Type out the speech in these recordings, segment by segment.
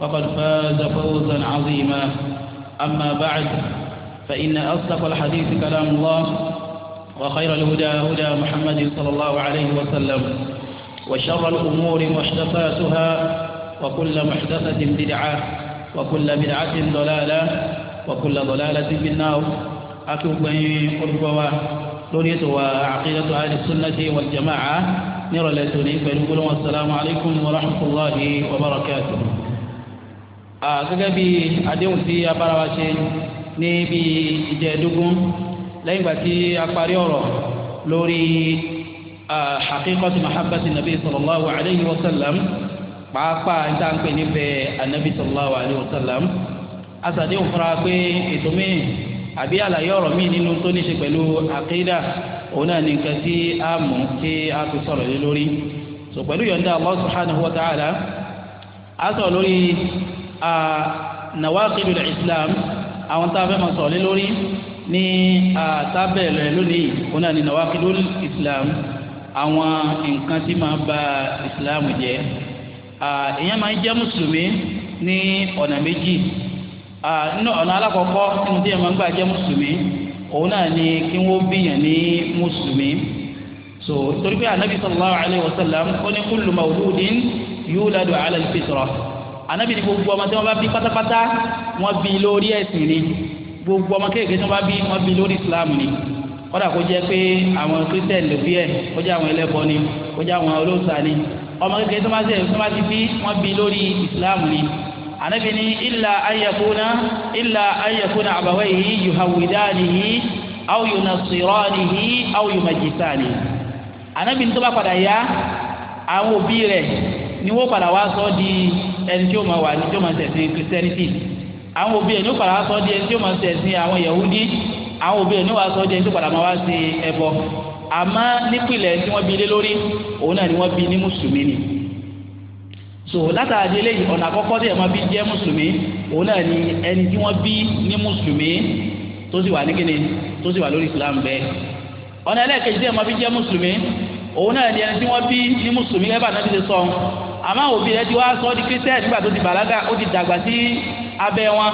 فقد فاز فوزا عظيما أما بعد فإن أصدق الحديث كلام الله وخير الهدى هدى محمد صلى الله عليه وسلم وشر الأمور محدثاتها وكل محدثة بدعة وكل بدعة ضلالة وكل ضلالة في النار أتوبني قربوا لونيت وعقيدة أهل السنة والجماعة نرى لتوني فنقول السلام عليكم ورحمة الله وبركاته gẹ́gẹ́ bí àdéhùn tí a bára wa ṣe ní bí ìjẹ́ẹ̀dógún lẹ́yìn ìgbà tí a parí ọ̀rọ̀ lórí haqiqatu mahabbati nabi sallallahu alayhi wa sallam pàápàá níta ń pè nífẹ̀ẹ́ anabi sallallahu alayhi wa sallam asàdéhùn fúnra pé ètò mi àbí àlàyé ọ̀rọ̀ mi nínú tó ní ṣe pẹ̀lú àkídà òun náà ní nǹkan tí a mú kí a fi sọ̀rọ̀ lé lórí so pẹ̀lú yọ̀ǹda Allah subhanahu wa ta'ala a sọ̀rọ̀ lórí nawaqidul islam àwọn tá a fẹ́ máa sọ̀rọ̀ lé lórí ní tábẹ̀ rẹ̀ lónìí òun náà ni nawaqidul islam àwọn nǹkan tí máa ba islam jẹ́ ìyẹn máa ń jẹ́ mùsùlùmí ní ọ̀nà méjì nínú ọ̀nà alákọ̀ọ́kọ́ nínú tí yẹn máa ń gbà jẹ́ mùsùlùmí òun náà ni kí wọ́n bíyàn ní mùsùlùmí so torí pé anabi sallallahu alayhi wa sallam ó ní kullu mawludin yuladu ala al-fitra anabi ni gbogbo ọmọ tí wọn bá bí pátápátá wọn bí lórí ẹsìn ni gbogbo ọmọ kéèké tí wọn bá bí wọn bí lórí islam ni kódà kó jẹ pé àwọn christian ló bí ẹ kó jẹ àwọn ẹlẹ́bọ ni kó jẹ àwọn olóòṣà ni ọmọ kéèké tí wọn bá ti tí wọn bá ti bí wọn bí lórí islam ni anabi ni illa ayakuna illa ayakuna abawaihi yuhawidanihi aw yunasiranihi aw yumajisanihi anabi ni tó bá padà yá àwọn òbí rẹ ni wọn padà wá sọ di ẹni tí ó máa wà ní tí ó máa ṣẹ̀sìn Christianity àwọn òbí ẹ̀ ní ó padà wá sọ di ẹni tí ó máa ṣẹ̀sìn àwọn Yahudi àwọn òbí ẹ̀ ní ó wá sọ di ẹni tó padà máa wá sí ẹbọ àmọ́ nípìnlẹ̀ tí wọ́n bí lé lórí òun náà ni wọ́n bí ní mùsùlùmí ni so látàdé eléyìí ọ̀nà àkọ́kọ́ tí ẹ̀ máa bí jẹ́ mùsùlùmí òun náà ni ẹni tí wọ́n bí ní mùsùlùmí tó sì wà ní kíni tó sì wà lórí Islam bẹ́ẹ̀ ọ̀nà ẹlẹ́ẹ̀kejì tí ẹ̀ máa bí jẹ́ mùsùlùmí òun náà ni ẹni tí wọ́n bí ní mùsùlùmí ẹ̀ bá náà ti sọ àmọ́ àwọn òbí rẹ ti wá sọ di kírísítẹ́nì nígbà tó ti bàlágà ó ti dàgbà sí abẹ́ wọn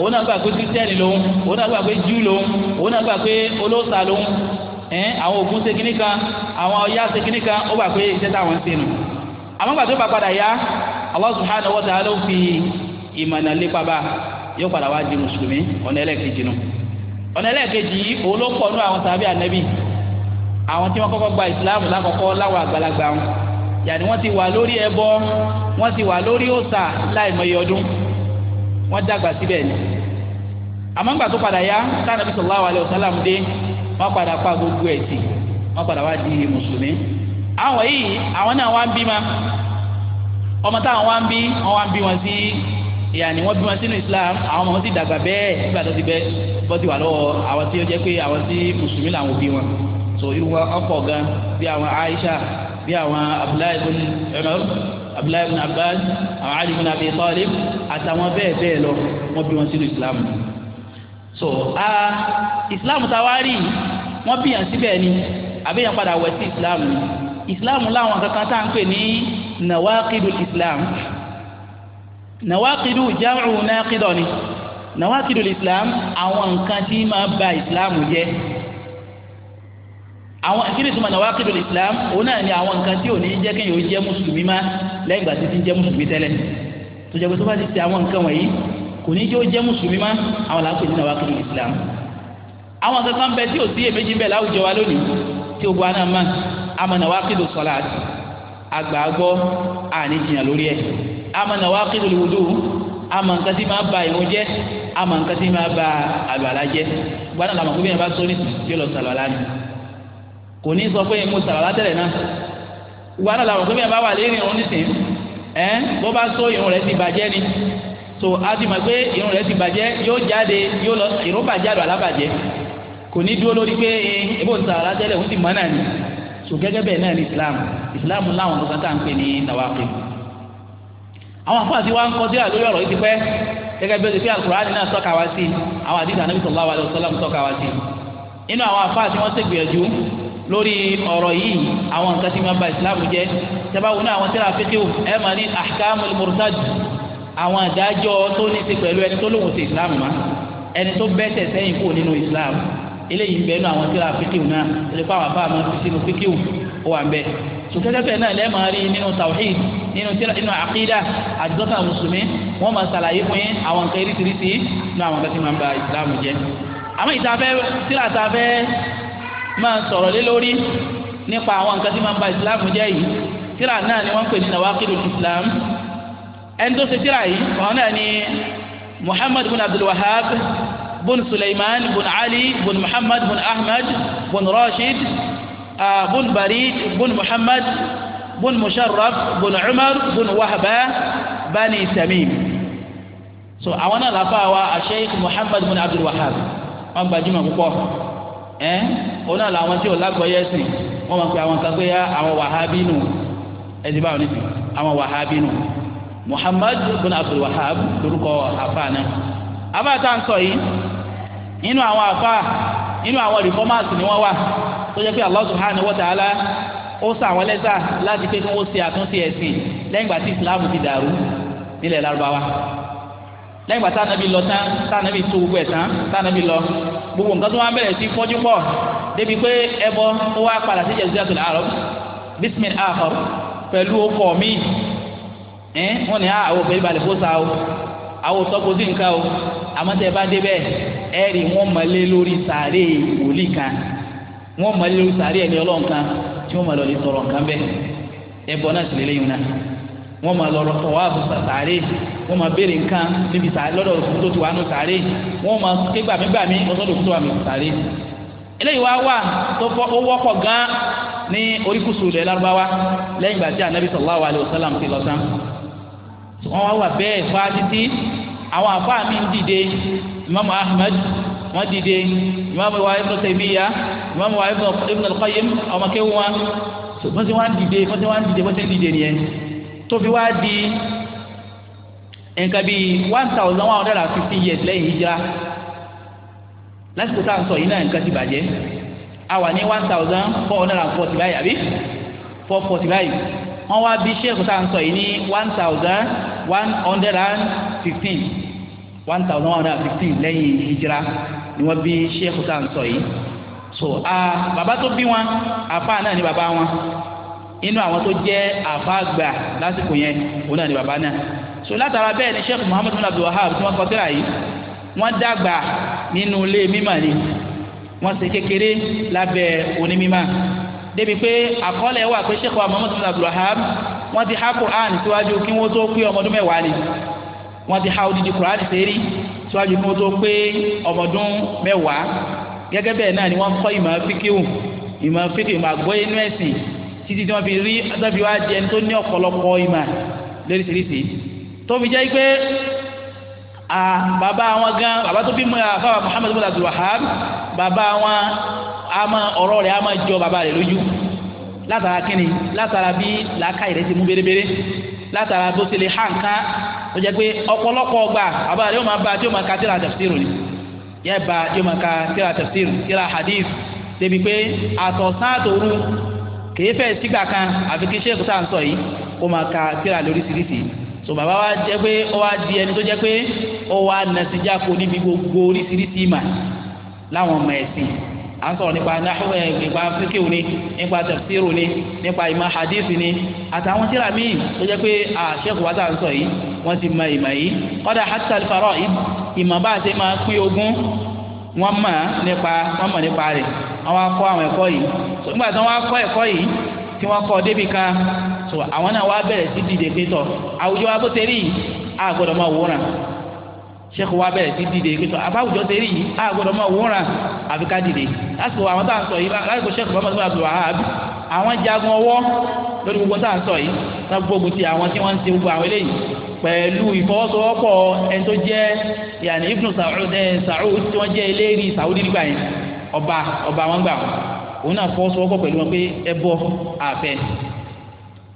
òun náà gbà pé kírísítẹ́nì lòun òun náà gbà pé jù lòun òun náà gbà pé olóòṣà lòun ẹ̀ àwọn ògún ṣe kínní kan àwọn ọ̀yá ṣe kínní kan ó gbà pé iṣẹ́ táwọn ń ṣe nù àmọ́ gbà tó bá padà yá Allah subhanahu wa ta'ala fi ìmọ̀nà lépa bá yóò padà wá di mùsùlùmí ọ̀nà ẹlẹ́ẹ̀kejì nù ọ̀nà ẹlẹ́ẹ̀kejì yìí àwọn sàbí ànẹ́bì àwọn tí wọ́n kọ́kọ́ gba ìsìláàmù lákọ̀ọ́kọ́ láwọn àgbàlagbà wọn yàní wọ́n ti wà lórí ẹbọ wọ́n ti wà lórí òòṣà láìmọye ọdún wọ́n dàgbà síbẹ̀ ni àmọ́ ńgbà tó padà yá sanabi sallallahu alayhi wa sallam dé wọ́n padà pa gbogbo ẹ̀ sí wọ́n padà wá di mùsùlùmí àwọn yìí àwọn náà wá ń bí ma ọmọ táwọn wá ń bí wọ́n wá ń bí wọn sí yàní wọ́n bí wọn sínú islam àwọn ọmọ wọn ti dàgbà bẹ́ẹ̀ nígbà tó ti bẹ́ bọ́ ti wà lọ́wọ́ àwọn tí ó jẹ́ pé àwọn tí mùsùlùmí làwọn òbí wọn so irú wọn ọkọ̀ gan bí àwọn Aisha bí àwọn abdullahi ibn umar abdullahi ibn abbas àwọn ali ibn abi talib àtàwọn bẹ́ẹ̀ bẹ́ẹ̀ lọ wọ́n bí wọn sínú islam so a islam tawari wọ́n bí yàn síbẹ̀ ni àbẹ̀yàn padà wẹ̀ sí islam ni islam láwọn kankan tá à ń pè ní nawaqidul islam nawaqidu jam'u naqidani nawaqidul islam àwọn nǹkan tí máa bà islam jẹ́ àwọn ìkíni tó ma islam òun náà ni àwọn nǹkan tí ò ní jẹ́ kéèyàn ó jẹ́ mùsùlùmí má lẹ́yìn ìgbà tí ti ń jẹ́ mùsùlùmí tẹ́lẹ̀ tó jẹ́ pé tó bá ti ti àwọn nǹkan wọ̀nyí kò ní jẹ́ ó jẹ́ mùsùlùmí má àwọn làákò ní náà wá kéde islam àwọn kankan bẹ tí ò sí èméjì bẹ láwùjọ wa lónìí tí o bu aná ma amana wa kéde sọlá àgbàgbọ́ àníjìyàn lórí ba ìwọ jẹ ama ba àlùwàlá jẹ gbọ́dọ̀ làwọn kò ní sọ pé mo sàrà látẹ̀lẹ̀ náà ìgbà náà làwọn òkúmi àbáwá lè rìn òun nísìn ẹ bó bá sọ irun rẹ ti bàjẹ́ ni so a ti mọ̀ pé irun rẹ ti bàjẹ́ yóò jáde yóò lọ irun bàjẹ́ àlọ́ alábàjẹ́ kò ní dúró lórí pé eh, ebó ń sàrà látẹ̀lẹ̀ òun ti mọ̀ náà ni so gẹ́gẹ́ bẹ́ẹ̀ náà ni Islam Islam láwọn kankan tá à ń pè ní tàwáfẹ́ àwọn afáàsì wa ń kọ́ sí àlórí ọ̀rọ̀ yìí ti pẹ́ gẹ́gẹ́ bí o ti fi alukur'ani náà tọ́ka wá sí àwọn àdìsí ànábì sallallahu alaihi wasallam tọ́ka wá sí inú àwọn afáàsì wọn ṣègbìyànjú lórí ọ̀rọ̀ yìí àwọn nǹkan tí ma ba ìsìlámù jẹ́ sábàwọn náà àwọn tẹ́lẹ̀ àfikún ẹ máa ní ahkamul murtad àwọn àdájọ́ tó ní ti pẹ̀lú ẹni tó lóhùn sí ìsìlámù ma ẹni tó bẹ́tẹ̀ sẹ́yìn kù nínú ìsìlámù eléyìí bẹ́ẹ̀ náà àwọn tẹ́lẹ̀ àfikún náà ẹni pé àwọn afáàmù ti sínú fíkún ó wà ń bẹ́ẹ̀ sùkẹ́tẹ́fẹ́ náà lẹ́ẹ̀ máa rí nínú tawhid nínú tíra nínú àkídà àdìsọ́tà mùsùlùmí wọ́n máa ṣàlàyé fún yín àwọn nǹkan eréṣiríṣi nínú àwọn nǹkan tí máa ń ba ìsìlámù jẹ́ àmọ́ ìtafẹ́ tíra tafẹ́ máa sọ̀rọ̀ lé lórí nípa àwọn nǹkan tí máa ń ba islam jẹ́ yìí tíra náà ni wọ́n ń pè ní nawakilu islam ẹni tó ṣe tíra yìí ọ̀hún náà ni muhammad bin abdul wahab bin suleiman bin ali bin muhammad bin ahmed bin rashid ah, bin barid bin muhammad bin musharraf bin umar bin wahaba bani tamim so àwọn náà láfa wa sheikh muhammad bin abdul wahab wọ́n gbajúmọ̀ púpọ̀. ẹ òun náà làwọn tí ò lágbọ́yé sìn wọn máa pe àwọn kan pé àwọn wàhábí nù ẹ ti bá àwọn wàhábí nù Muhammad bin Abdul Wahhab lórúkọ àfa náà inu tá à sọ yìí nínú àwọn ni wọn wa ta'ala ó sọ àwọn lẹ́sà láti pé kí wọ́n ṣe àtúnṣe ẹ̀sìn lẹ́yìn tí Islam lẹ́yìn ìgbà táwọn ẹbí lọ tán táwọn ẹbí tó gbogbo ẹ̀ tán táwọn ẹbí lọ gbogbo nǹkan tó wá bẹ̀rẹ̀ sí fọ́jú pọ̀ débi pé ẹbọ tó wá padà sí Jaziratul Arab bismil ahab pẹ̀lú ọkọ̀ mi ẹ̀ wọ́n ní ah, àwọn òbí balẹ̀ kó o àwọn òtọ́kọ sí nǹkan o àmọ́ tẹ́ ẹ bá débẹ̀ ẹ rí wọ́n mọ̀lé lórí sàárè wòlíì kan wọ́n mọ̀lé lórí sàárè ẹni ọlọ́run kan tí wọ́n mọ̀ lọ́ọ́ wọ́n máa lọ rọ̀tọ̀ wá àbùsà sàárè wọ́n máa béèrè nǹkan níbi sàárè lọ́dọ̀ òṣùpù tó ti wà nù sàárè wọ́n máa ké gbàmígbàmí ọ̀sọ́dọ̀ òṣùpù tó wà nù sàárè. eléyìí wá wà tó fọ́ ó wọ́pọ̀ gan-an ní oríkùsù ilẹ̀ lárúbáwá lẹ́yìn ìgbà tí anabi sallallahu alayhi wa sallam ti lọ tán. wọ́n wá wà bẹ́ẹ̀ fá títí àwọn àfáà mi ń dìde imaamu ahmed wọ́n dìde imaamu wa ibn taymiya imaamu wa ibn al-qayyim ọmọkéwọn wọ́n ti wá ń dìde wọ́n ti dìde wọ́n dìde nìyẹn tó fi wá di nǹkan bíi one thousand one hundred and fifty years lẹ́yìn hijira lásìkò tá à ń sọ yìí náà nǹkan ti bàjẹ́ a wà ní one thousand four hundred and forty báyìí àbí four forty báyìí wọ́n wá bí sẹ́ẹ̀kù tá à ń sọ yìí ní one thousand one hundred and fifteen one thousand one hundred and fifteen lẹ́yìn hijira ni wọ́n bí sẹ́ẹ̀kù tá à ń sọ yìí so bàbá tó bí wọn àfa náà ni bàbá wọn inú àwọn tó jẹ́ àfáàgbà lásìkò yẹn òun náà ni bàbá náà so látara bẹ́ẹ̀ ni sheikh muhammad bin abdul wahab tí wọ́n kọ síra yìí wọ́n dàgbà nínú ilé mímà ni wọ́n ṣe kékeré lábẹ́ onímímà débi pé àkọọ́lẹ̀ wà pé sheikh muhammad bin abdul wahab wọ́n ti há quran síwájú kí wọ́n tó pé ọmọdún mẹ́wàá ni wọ́n ti há odidi quran sẹ́rí síwájú kí wọ́n tó pé ọmọdún mẹ́wàá gẹ́gẹ́ bẹ́ẹ̀ náà ni wọ́n kọ́ ìmọ̀ fíkíwù ìmọ̀ títí tí wọ́n fi rí àtàbí wá jẹ tó ní ọ̀pọ̀lọpọ̀ ìmọ̀ lóríṣiríṣi tó fi jẹ́ pé bàbá wọn gan bàbá tó bí fáwọn Muhammad bin Abdul Wahhab bàbá wọn ama ọ̀rọ̀ rẹ̀ ama jọ bàbá rẹ̀ lójú látara kínni látara bí làákàyè rẹ̀ ti mú bérebére látara bó tilẹ̀ hàn kán ó jẹ́ pé ọ̀pọ̀lọpọ̀ ọgbà bàbá rẹ̀ yóò máa bá tí yóò máa ka tíra tafsiru ni yẹ́ bá tí yóò máa ka tíra tafsiru tíra hadith débi pé àtọ̀sán àtòru kìí fẹ́ sígbà kan àfi kí sèkú tá à ń sọ yìí kó máa ka kíra lóríṣiríṣi so bàbá wa jẹ́ pé ó wá di ẹni tó jẹ́ pé ó wá nàṣíjà kó níbi gbogbo oríṣiríṣi mà láwọn ọmọ ẹ̀sìn à ń sọ̀rọ̀ nípa nípa fíkìw ni nípa tẹ̀síìrù ni nípa ìmọ̀ hadith ni àtàwọn tíra míì tó jẹ́ pé sèkú wa tá à ń sọ yìí wọ́n ti mọ ìmọ̀ yìí kọ́dà hatta al ìmọ̀ bá a ṣe máa pín ogún wọ́n mọ̀ nípa wọ́n mọ̀ nípa rẹ̀ àwọn akọ àwọn ẹ̀kọ́ yìí so nígbà tí wọ́n akọ ẹ̀kọ́ yìí tí wọ́n kọ́ débi kan so àwọn náà wá bẹ̀rẹ̀ sí dìde pé tọ̀ àwùjọ wa bó tẹ́lẹ̀ yìí á gbọ́dọ̀ máa wòran sẹ́kù wa bẹ̀rẹ̀ sí dìde pé tọ̀ àbáwùjọ tẹ́lẹ̀ yìí á gbọ́dọ̀ máa wòran àfi ká dìde lásìkò àwọn tá à ń sọ yìí lásìkò sẹ́kù bá mọ̀ sí àwọn jagun ọwọ́ lórí gbogbo tá à ń sọ yìí náà gbogbo ti àwọn tí wọ́n ń ṣe gbogbo àwọn eléyìí pẹ̀lú ìfọwọ́sowọ́pọ̀ ẹni tó jẹ́ yàní Ibn Saud tí wọ́n jẹ́ eléyìí Saudi nígbà yẹn ọba ọba wọn gbà wọn òun náà fọwọ́sowọ́pọ̀ pẹ̀lú wọn pé ẹ bọ́ àfẹ́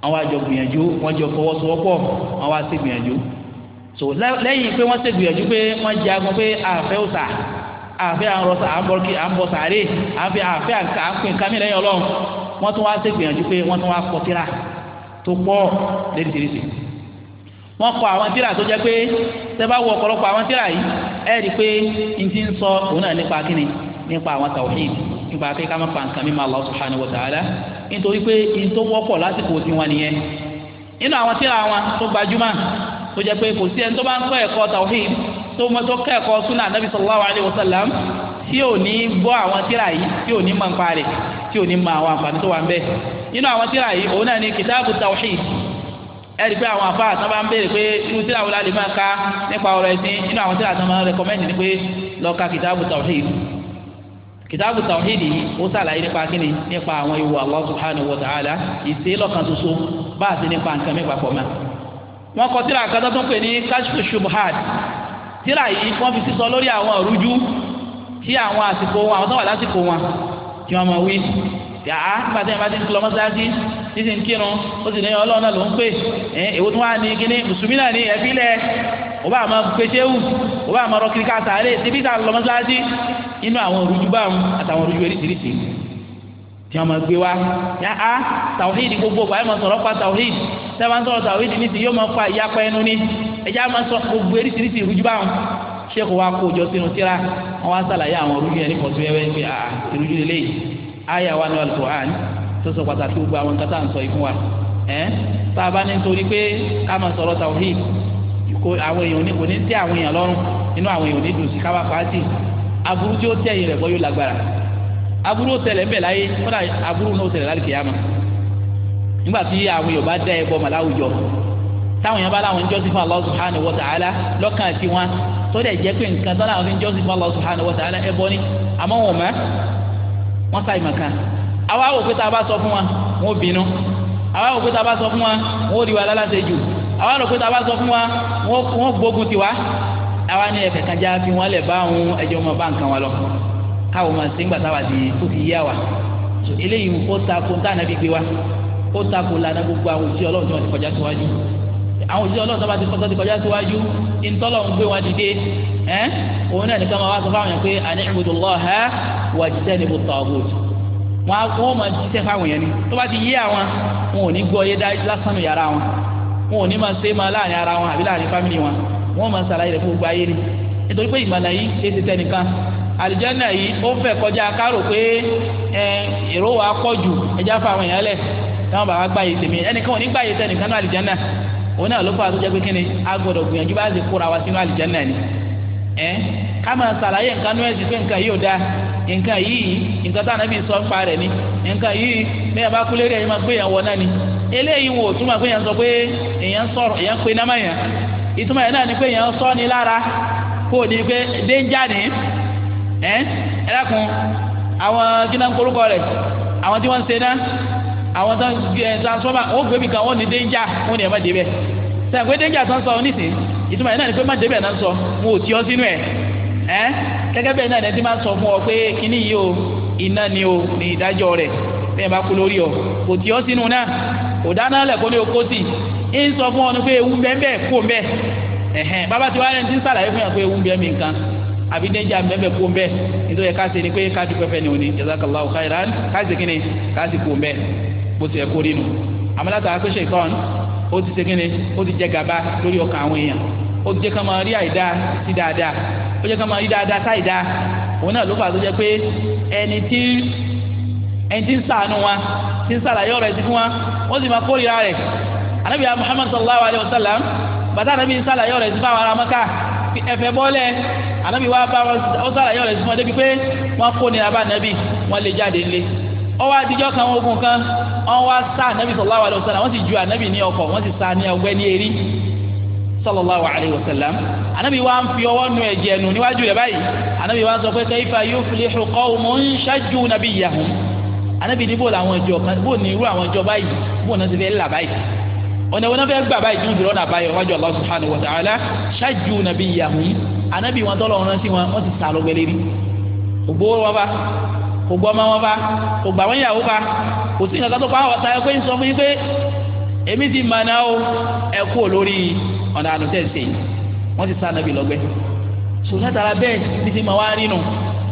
àwọn àjọ gbìyànjú wọn jọ fọwọ́sowọ́pọ̀ wọn wá sí gbìyànjú so lẹ́yìn pé wọ́n ṣe gbìyànjú pé wọ́n jẹ agun pé àfẹ́ òsà àfẹ́ àrọ̀sà àbọ̀ sàárè àfẹ́ àfẹ́ àpè kámi lẹ́yìn ọlọ́run wọ́n tún wá ṣe gbìyànjú pé wọ́n tún wá kọ tíra tó pọ̀ lẹ́rìndínlẹ́sì wọ́n kọ àwọn tíra tó jẹ́ pé tẹ́ bá wọ ọ̀pọ̀lọpọ̀ àwọn tíra yìí ẹ̀ rí i pé n ti ń sọ òun náà nípa kíni nípa àwọn tawhid nípa pé ká má pa nǹkan mímọ́ Allah subhanahu wa ta'ala nítorí pé in tó wọ́pọ̀ lásìkò tiwọn nìyẹn nínú àwọn tíra wọn tó gbajúmọ̀ tó jẹ́ pé kò sí ẹni tó bá ń kọ́ ẹ̀kọ́ tawhid tó mọ tó kọ́ ẹ̀kọ́ sunnah nabi sallallahu alayhi wa sallam tí ò ní gbọ́ àwọn tíra yìí tí ò ní mọ̀ nípa rẹ̀ tí ò ní mọ̀ àwọn àǹfààní tó wà ń bẹ nínú àwọn tíra yìí òun náà ni kìtáàbù tawhid ẹ̀rí pé àwọn afáà tán bá ń béèrè pé irú tíra wo la lè máa ka nípa ọ̀rọ̀ ẹ̀sìn nínú àwọn tíra tán máa ń rẹkọmẹ́ndì ni pé lọ ka kìtáàbù tawhid kìtàbù tàwíìdì yìí ó sàlàyé nípa kíni nípa àwọn ìwọ Allah subhanahu wa ta'ala ìṣe lọ́kàn ṣoṣo bá a ti nípa nǹkan mẹ́fà pọ̀ mọ́. wọ́n kọ tíra kan tó pè ní kashfu shubhat tíra yìí wọ́n fi sísọ lórí àwọn òrújú tí àwọn àsìkò wọn àwọn tó wà lásìkò wọn kí wọ́n máa wí. yàrá nígbà tí wọ́n bá ti ń lọ mọ́sáájú nísìnyí kírun ó sì ní ọlọ́run náà ló ń pè é èwo tí wọ́n ní kíní mùsùlùmí náà ní ẹ̀bí ó bá máa pèsèwù ó bá máa rọkiri ká sáré síbi tá a lọ mọ́sálásí inú àwọn òrùjú bá wọn àtàwọn òrùjú eréṣiríṣi tí wọn máa gbé wa ya á tàwíìdì gbogbo ọgbà yẹn máa sọ̀rọ̀ pa tàwíìdì tẹ́ máa ń sọ̀rọ̀ tàwíìdì ní ti yóò máa fa ìyapa ẹnu ní ẹ̀já máa sọ gbogbo eréṣiríṣi òrùjú bá wọn sẹ́kù wa kó jọ sínú tíra wọn wá sàlàyé àwọn orúkú yẹn ní pọ̀tùwẹ́wẹ́ pé à ìrújú lè tawhid kò àwọn èèyàn kò ní tẹ́ àwọn èèyàn lọ́rùn inú àwọn èèyàn ò ní dùn sí káwá pàtì aburú tí ó tẹ̀ yìí rẹ̀ bọ́ yóò lágbára aburú ó tẹ̀lẹ̀ ńbẹ̀ láyé kódà aburú náà ó tẹ̀lẹ̀ láti kìyàmà nígbà tí àwọn èèyàn bá dá ẹbọ màláwùjọ táwọn èèyàn bá láwọn ń jọ́sìn fún Allah subhanahu wa ta'ala lọ́kàn àti wọn tó jẹ́ pé nǹkan tó láwọn ń jọ́sìn fún Allah subhanahu wa ta'ala ẹbọ ni àmọ́ wọn mọ̀ wọn sáì mọ̀ kan àwa wò pé tá a bá sọ fún wọn ò bínú àwa wò pé tá a bá sọ fún wọn ò rí wa lálàsẹ̀ jù àwọn àròkè tá a bá sọ fún wa wọ́n gbógun tiwa àwa ní ẹ̀fẹ̀ kájà fi wọ́n lẹ̀ bá àwọn ẹ̀jẹ̀ ọmọ bá nǹkan wa lọ káwọn máa ṣe ń gbàtà wà sí tó fi yá wa eléyìí ó ta ko tá ànábi gbé wa ó ta ko lànà gbogbo àwọn òṣìṣẹ́ ọlọ́run tí wọ́n ti kọjá síwájú àwọn òṣìṣẹ́ ọlọ́run tí wọ́n ti kọjá síwájú ìtọ́lọ̀ ń gbé wọn dìde ẹ́ òun náà nìkan máa wá sọ fáwọn yẹn pé àní ibudullaha máa jíṣẹ́ fáwọn yẹn ni tó bá ti yé àwọn wọn ò ní gbọ́ yé dá lásán nù yàrá wọn wọn ò ní máa ṣe máa láàrin ara wọn àbí láàrin fámìlì wọn wọn máa ṣàlàyé rẹ̀ fún gbogbo ni nítorí pé ìmọ̀nà yìí ṣe ti tẹ nìkan àlìjáná yìí ó fẹ́ kọjá kárò pé ẹ èrò wa pọ̀ jù ẹja fa àwọn èèyàn lẹ̀ táwọn bàbá gbà yìí tèmi ẹnìkan ò ní gbà yìí tẹ nìkan náà àlìjáná òun náà ló fà tó jẹ́ pé kíni a gbọ́dọ̀ gbìyànjú bá ti kóra wa sínú àlìjáná ni ẹ ká máa ṣàlàyé nǹkan náà ẹ̀sìn pé nǹkan yìí ò dáa nǹkan yìí nǹkan táwọn ẹbí sọ ń pa rẹ̀ ni nǹkan yìí bẹ́ẹ̀ bá kú lérí ẹ̀yìn máa gbé yẹn náà ni eléyìí iwu ò túmọ̀ pé èèyàn sọ pé èèyàn sọ̀rọ̀ èèyàn pe námà yẹn ìtumọ̀ yẹn náà ni pé èèyàn sọ ni lára kó o ní pé dénjà ni ẹ ẹ dákun àwọn kíná korúkọ rẹ àwọn tí wọ́n ń ṣe náà àwọn tó ń eh, transformer ó gbé mi kan wọ́n ní dénjà sọ ìtumọ̀ yẹn náà ni pé má náà sọ ò tí ọ sínú o iná o ní ìdájọ́ bẹ́ẹ̀ bá kú lórí ọ òdáná lẹ̀kọ́ ní oko sí i ń sọ fún ọ ní pé ewu bẹ́ẹ̀ bẹ́ẹ̀ kó bẹ́ẹ̀ ẹ̀hẹ́n bàbá tí wàá rẹ̀ ti ń sàlàyé fún pé ewu bẹ́ẹ̀ mi nǹkan àbí dẹ́jà bẹ́ẹ̀ bẹ́ẹ̀ kó bẹ́ẹ̀ nítorí ká ṣe ni pé ká dúpẹ́ fẹ́ ni òní ká kí ti yẹ kó ti kí ni ó ti jẹ lórí ọkàn àwọn èèyàn ó ti ká máa rí àìdá sí dáadáa ó ká máa rí dáadáa wọ́n sì máa kórìíra rẹ̀ anabi muhammad sallallahu alayhi wa sallam bàtà anabi sàlàyé ọ̀rẹ́ sí fáwọn ará maka ẹ̀fẹ̀ bọ́lẹ̀ anabi wa bá wọn sàlàyé ọ̀rẹ́ sí fún ọdẹ pípé wọn kó nira bá anabi wọn lè jáde nílé ọwọ́ adijọ́ kan wọn ogun kan wọn wá sá anabi sallallahu alayhi wa sallam wọ́n sì ju anabi ní ọkọ̀ wọ́n sì sá ní ọgbẹ́ ní erí sallallahu alayhi wa sallam anabi wa ń fi ọwọ́ nu ẹ̀jẹ̀ nù níwájú rẹ̀ báyìí anabi wa sọ pé kayfa yuflihu qawmun shajju nabiyyahum anabi ní bó làwọn ìjọ kan bó ní irú àwọn ìjọ báyìí bó náà ti fẹ́ là báyìí ọ̀nà wọn fẹ́ gbà báyìí dúró náà báyìí wájú Allah subhanahu wa ta'ala ṣáájú nàbí yahoo anabi wọn tọ́lọ̀ wọn rántí wọn wọ́n ti sàlọ́ gbẹlẹ́rí ògbó wọn bá ògbó ọmọ wọn bá ògbà wọn yàwó bá kò sí nǹkan tó pa àwọn táyọ̀ pé ń sọ fún yín pé èmi ti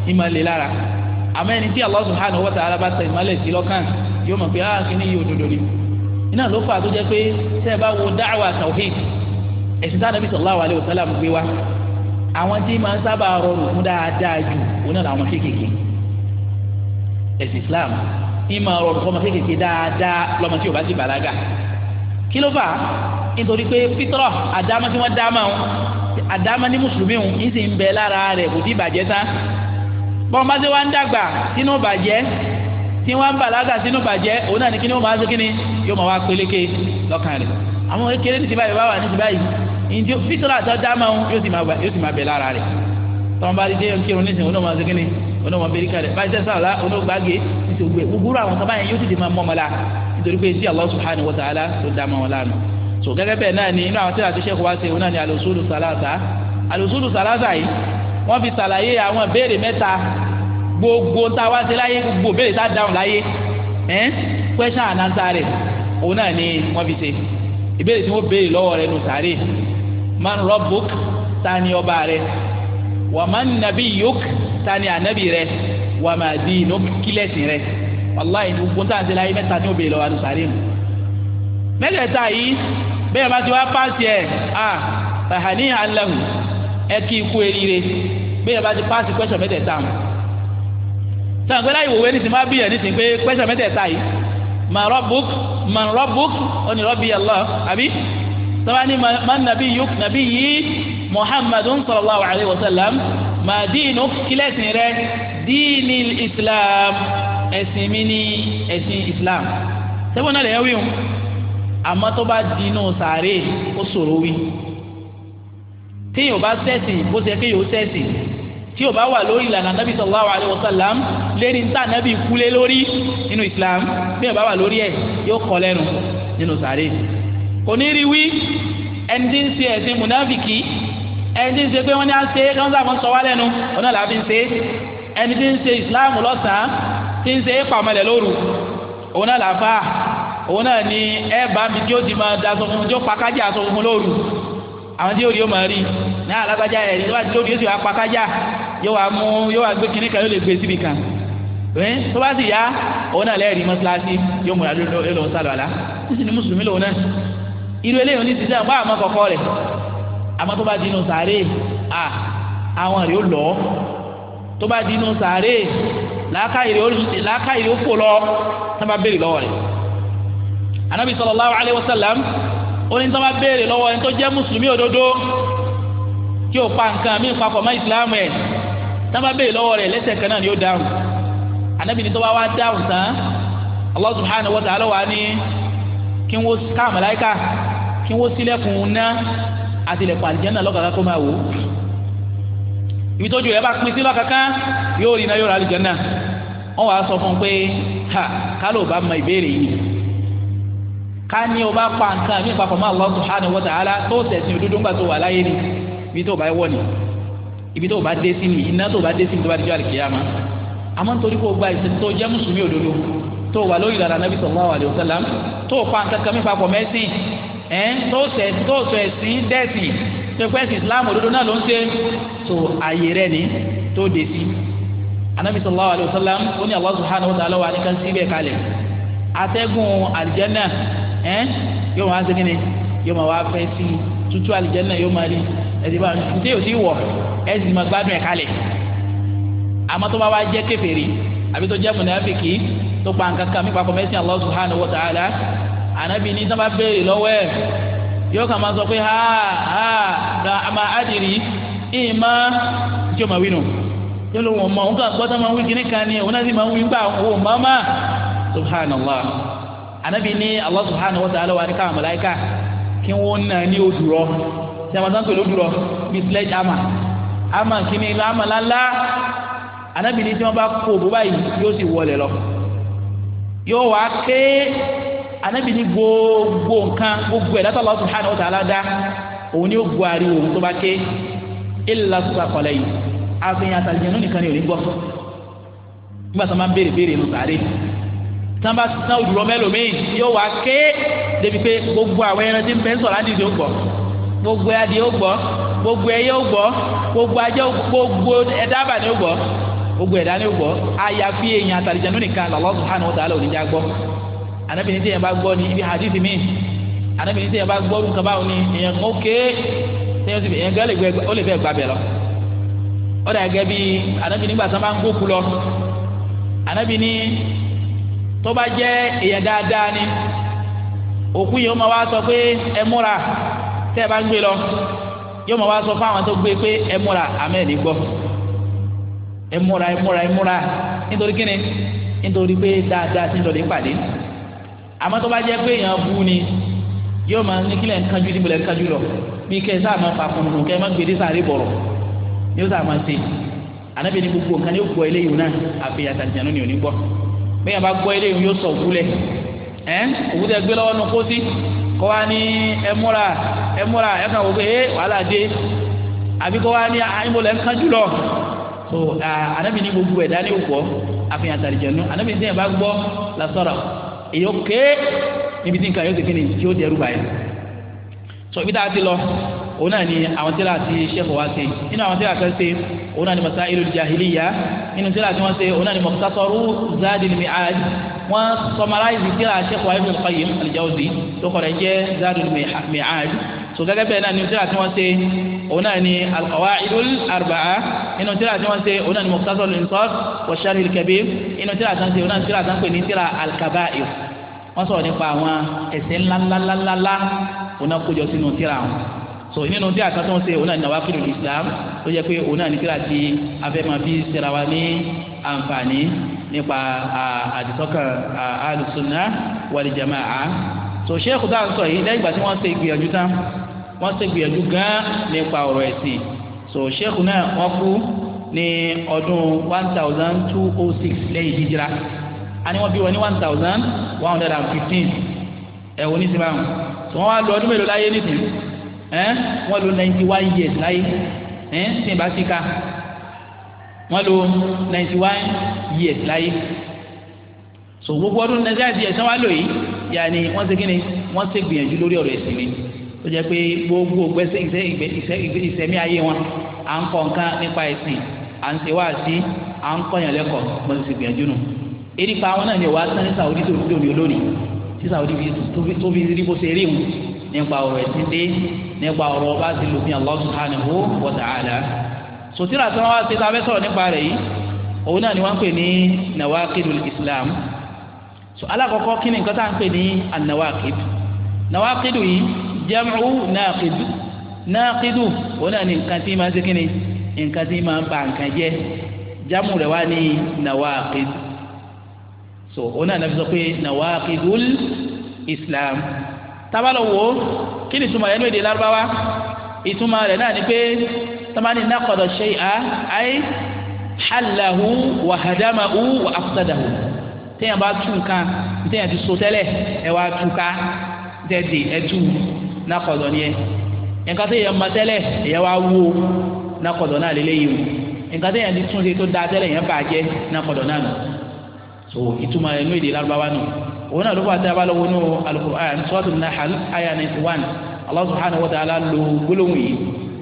mọ̀ náà ẹ àmọ́ ẹni tí Allah subhanahu wa ta'ala bá tẹ ìmọ́lẹ̀ sí lọ́kàn yóò mọ̀ pé á ah, kíní yìí òdodo ni iná ló fà tó jẹ́ pé tẹ́ ẹ bá wo da'wa tawhid ẹ̀sìn tí Ànábì sallallahu alaihi wasallam gbé wa àwọn tí máa ń sábà rọrùn fún dáadáa jù òun náà làwọn kéékèèké ẹ̀sìn Islam ìmọ̀ rọrùn fún ọmọ kéékèèké dáadáa lọ́mọ tí ò bá ti bàlágà kí ló fà nítorí pé fitrọ àdámọ́ tí wọ́n dámọ́ àdámọ́ ní mùsùlùmí ń sì ń bẹ lára rẹ̀ kò tí ì bọ́nbáṣe wa ń dàgbà sínú bàjẹ́ tí wọ́n ń bàlágà sínú bàjẹ́ òun náà ní kíni wọ́n máa ṣe kíni yóò máa wá peléke lọ́kàn rẹ̀ àwọn kékeré ní ti báyìí bá wà ní ti báyìí ìdí fitra tó dá máa ń yóò sì máa bẹ̀ lára rẹ̀ tọ́wọ́n bá rí dé kírun nísìnyí òun náà máa ṣe kíni òun náà máa bẹ̀rí kalẹ̀ báyìí sẹ́sà ọ̀la òun náà gbàgé gbogbo àwọn la nítorí Allah subhanahu wa ta'ala tó dá máa so gẹ́gẹ́ bẹ́ẹ̀ ni inú àwọn tí àti sẹ́kù ni alùsùlù sàlásà alùsùlù sàlásà yìí wọ́n fi ṣàlàyé àwọn béèrè gbogbo ta wá sí gbogbo béèrè taa dáhùn láyé ẹ́n question and òun náà ni wọ́n fi ṣe ìbéèrè tí wọ́n béèrè lọ́wọ́ rẹ̀ nù sáré man ta ni ọba rẹ̀ wa man nabiyyuk ta ni ànábì rẹ̀ wa ma rẹ̀ wàláyé gbogbo ti wá pàṣẹ ẹ̀ à àlẹ́hùn ti pàṣẹ mẹ́tẹ̀ẹ̀ta sàn pé láyé ìwòwe ní ti máa bíyàn ní ti pé pẹ́sẹ̀ mẹ́tẹ̀ẹ̀ta yìí man rabbuk man rabbuk ó ní rabbi Allah àbí sábà ní man nabiyyuk nabiyyi muhammadun sallallahu alayhi wa sallam ma dinuk kílẹ̀sìn rẹ dinil islam ẹ̀sìn mi ní ẹ̀sìn islam sẹ́wọ́n náà lè yẹ wíwọ́n àmọ́ tó bá di sàárè ó ṣòro wí téèyàn bá sẹ́sìn bó ṣe kéèyàn ó sẹ́sìn tí o bá wà lórí ìlànà nabi sallallahu alayhi wa sallam lérí níta nabi kúlé lórí nínú islam bí o bá wà lórí ẹ yóò kọ lẹ́nu nínú sàárè kò ní rí wí ẹni tí ń ṣe ẹ̀sìn munafiki ẹni tí ń se pé wọ́n ní à ń ṣe kí wọ́n sábà ń sọ wá lẹ́nu ọ̀nà làá fi ń ṣe ẹni tí ń ṣe islam lọ́sàn-án tí ń ṣe é pàmọ́lẹ̀ lóru òun náà làá fà òun náà ni ẹ bá mi tí ó ti máa da sọ fún tí ó pa kájí àsọ fún lóru àwọn tí yóò di yóò máa rí ní alágbájá ẹ̀ ní wàá tí yóò di yóò sì wá pa kájà yóò wá mú yóò wá gbé kinní kan yóò lè gbé síbi kan ẹ̀ tó bá sì yá òun náà lẹ́ẹ̀rí mọ́ṣáláṣí yóò múra lọ́wọ́ sálọ̀ àlá níṣẹ́ ni mùsùlùmí lòun náà irú eléyìí ní sísẹ́ àbá àmọ́ kọ̀kọ́ rẹ̀ àmọ́ tó bá di inú sàárè à àwọn rèé ó lọ tó bá di inú sàárè làákàyèrè ó fò lọ sábà béèrè lọ́wọ́ rẹ̀ anábì ó ní sábà béèrè lọ́wọ́ ẹni tó jẹ́ mùsùlùmí òdodo kí o pa nǹkan mí papọ̀ mọ́ ìsìlámù ẹ̀ sábà béèrè lọ́wọ́ rẹ̀ lẹ́sẹ̀ kan náà ni ó dáhùn ànábì ní tó bá wá dáhùn tán Allah subhanahu wa ta'ala wà ní kí wọ́n ká màláíkà kí wọ́n sílẹ̀kùn ná àtìlẹ̀kùn àlìjẹ́nà lọ́kàkà kó máa wò ó ibi tó ju ẹ bá pín sí lọ́kàkà yóò rí iná yóò rà àlìjẹ́nà wọ́n wàá sọ fún un pé ha kálọ̀ bá ma ìbéèrè yìí ká ní o bá pa nǹkan mí papọ̀ mọ́ Allah subhanahu wa ta'ala tó tẹ̀sìn òdodo ńgbà tó wà láyé ni ibi tó bá wọ̀ ni ibi tó bá dé sí ni iná tó bá dé sí ni tó bá dijọ́ àlìkìyàmá àmọ́ nítorí kó o gba ìsìn tó jẹ́ mùsùlùmí òdodo tó wà lórí ìlànà Nabi sallallahu alaihi wasallam tó pa nǹkan kan mí papọ̀ mẹ́sìn ẹ̀ tó sọ ẹ̀sìn dẹ́sìn tó Islam òdodo náà ló ń ṣe tó àyè rẹ̀ ni tó dé sí anabi sallallahu alaihi wasallam ó ní Allah subhanahu wa ta'ala wà ní kalẹ̀ atẹ́gùn àlìjẹ́nà ẹ yóò máa ṣe kíni yóò máa wá fẹ́ sí i tútú àlìjẹ́nà yóò máa rí ẹ̀sìn bá ǹdé yóò ti wọ̀ ẹ̀sìn máa gbádùn ẹ̀ kalẹ̀ àmọ́ tó bá wá jẹ́ kèfèrí àbí tó jẹ́ mùnàfíkì tó pa nǹkan kan mípa kọ́ mẹ́sìn Allah subhanahu wa ta'ala ànábì ní sábà béèrè lọ́wọ́ ẹ̀ yóò kà máa sọ pé ha ha la ama adìrí ìmọ̀ tí o máa wí nù yóò lọ wọ̀n mọ̀ nǹkan gbọ́dọ̀ máa wí kíní kan ni òun náà sì máa wí gbà wọ́n subhanallah anabi ní Allah subhanahu wa ta'ala wa ní káwọn mọ̀láyíkà kí wọ́n nà ní odùrọ̀ tí a máa tán pẹ̀lú odùrọ̀ bíi sledge hammer hammer kìíní ilá hammer lánlá anabi ní tí wọ́n bá kó bó báyìí yóò sì wọlé lọ yóò wá ké anabi ní gbogbo nǹkan gbogbo ẹ̀ látọ̀ Allah subhanahu wa ta'ala dá òun ni ó gbọ́ ariwo òun tó bá ké illa sàkọlẹ̀ yìí àfihàn àtàlẹ́yìn nìkan ni ò ní gbọ́ nígbà tó máa ń béèrè béèrè nù tán bá tán òdùrọ̀ mẹ́lòmíì yóò wá ké débi pé gbogbo àwọn ẹran tí ń bẹ ń sọ̀rọ̀ adìyẹ ó gbọ́ gbogbo adìyẹ ó gbọ́ gbogbo ẹyẹ ó gbọ́ gbogbo ajá gbogbo ẹ̀dá àbàní ó gbọ́ gbogbo ẹ̀dá ni ó gbọ́ àyàfi èèyàn àtàlìjànú nìkan Allah subhanahu wa ta'ala onídìí agbọ́ Ànábì ní tí yẹn bá gbọ́ ní ibi hadith mi Ànábì ní tí yẹn bá gbọ́ nǹkan báwo ni èèyàn kan ké èèyàn gan ó lè fẹ́ gbàbẹ̀ lọ ó dà gẹ́gẹ́ bí Ànábì tó bá jẹ́ èèyàn dáadáa ni òkú yìí ó máa wá sọ pé ẹ múra tẹ́ ẹ bá ń gbé lọ yóò máa wá sọ fún àwọn tó gbé pé ẹ múra àmẹ́ ní gbọ́ ẹ múra ẹ múra ẹ múra nítorí kíni nítorí pé dáadáa ti ń lọ lè pàdé àmọ́ tó bá pé èèyàn bú ni yóò máa ní kílẹ̀ ń kájú níbo lẹ́ ń kájú lọ bí kẹ́ ẹ sáà máa fà kùnùkù kẹ́ ẹ má gbèdé sáré bọ̀rọ̀ yóò sáà máa ṣe ànábìíní gbogbo nǹkan yóò gbọ́ eléyìí náà àfihàn àtàlìjànú ni ò gbọ́ bẹ́ẹ̀ yẹn bá gbọ́ eléyìí yóò sọ òwúlẹ̀ ẹ́ òwúlẹ̀ gbé lọ́wọ́ nu kóòtì kọ́ wa ní ẹmúra ẹmúra ẹ kàn wò pé ẹ wàhálà dé àbí kọ́ wa ní ayémọ̀lẹ̀ ńkan jùlọ so anabi ní gbogbo ẹ̀dá ní òkọ́ àfihàn àtàlìjẹ̀nu anabi ní bá gbọ́ làsọ̀rọ̀ èyí ó ké níbi tí nǹkan yóò ti fi ni yóò dẹrù báyìí so ibi tá a ti lọ òun náà ni àwọn tíra ti sẹ́kọ̀ wá ṣe nínú àwọn tíra kan ṣe òun náà ni masailul jahiliya nínú tíra tí wọ́n ṣe òun náà ni mukhtasaru zadil mi'ad wọ́n sọmaláìsì tíra sẹ́kọ̀ wá ibn qayyim al-jawzi tó kọ̀ rẹ̀ jẹ́ zadil mi'ad so gẹ́gẹ́ bẹ́ẹ̀ náà nínú tíra tí wọ́n ṣe òun náà ni al-qawa'idul arba'a nínú tíra tí wọ́n ṣe òun náà ni mukhtasarul insaf wa sharhil kabir nínú tíra tí wọ́n ṣe òun ni tíra tí wọ́n pè ní tíra al-kaba'ir wọ́n sọ̀rọ̀ nípa àwọn ẹ̀ṣẹ̀ ńláńláńláńlá so nínú bí àtàtà ń ṣe òun náà ní islam tó jẹ pé òun náà ní kíra ti afẹ́mọ́bí sẹ́ra wa ní àǹfààní nípa àdìsọ́kàn alùsùnà wàlìjàmà á so sheikh dáhà sọ yìí lẹ́yìn ìgbà tí wọ́n ṣe ìgbìyànjú tán wọ́n ṣe ìgbìyànjú gan nípa ọ̀rọ̀ ẹ̀sìn so sheikh náà wọ́n kú ní ọdún one thousand two oh six lẹ́yìn hijira a ní wọ́n bí wọn ní one thousand one hundred and fifteen ẹ̀wọ̀n ní sinmi àwọn so wọ́n wá lọ ọdún mélòó láyé nísìnyí ẹ wọn lo ninety one years láyé ẹ tí n bá sí ká wọn lo ninety one years láyé so gbogbo ọdún ninety one years wọn lò yìí yanni wọn ṣe kíni wọn ṣe gbìyànjú lórí ọ̀rọ̀ ẹ̀sìn mi ó jẹ pé gbogbo gbèsè ìsẹmí ayé wọn à ń kọ nǹkan nípa ẹ̀sìn à ń ṣe wáàsí à ń kọyàn lẹ́kọ̀ọ́ mo ti ṣe gbìyànjú nù erika àwọn náà ni wàá tán ní sàwọdí tó ní olónìí tí sàwọdí tó fi rí bó ṣe rí mu nípa ọ̀rọ̀ ẹ̀sìn dé nípa ọ̀rọ̀ ọba ti lòfin Allah subhanahu wa ta'ala sòtìrà tí wọ́n wá sí abẹ́ sọ̀rọ̀ nípa rẹ̀ yìí òun náà ni wọ́n ń pè ní nawaqidul islam so alákọ̀ọ́kọ́ kí ni nǹkan tá à ń pè ní an-nawaqid nawaqidu yìí jam'u naqid naqidu òun náà ni nǹkan tí máa ń ṣe nǹkan tí máa ń ba nǹkan jẹ́ jam'u rẹ̀ wá ní nawaqid so òun náà nàbí sọ pé nawaqidul islam tábàlọ̀ wo kí ni ìtumọ̀ ẹnu èdè lárúbáwá ìtumọ̀ rẹ̀ náà ni pé tọ́mánì nàkọ̀dọ̀ ṣe à áyé hàlàhù wàhádàmàhù wà áfúsàdàhù téèyàn bá tú nǹkan téèyàn ti so tẹ́lẹ̀ ẹ wá tú ká dẹ́dì ẹ tú nàkọ̀dọ̀ ni ẹ nǹkan téèyàn mọ tẹ́lẹ̀ ẹ̀yẹ wá wó nàkọ̀dọ̀ náà lélẹ́yìí o nǹkan téèyàn ti túnṣe tó dáa tẹ́lẹ̀ yẹn bàjẹ́ nàkọ̀dọ̀ náà nù so ìtumọ̀ ẹnu èdè lárúbáwá nù òun náà ló wà tí a bá lọ wọnú alukur'an suratul nahl aya ninety one allah subhanahu wa ta'ala lo gbólóhùn yìí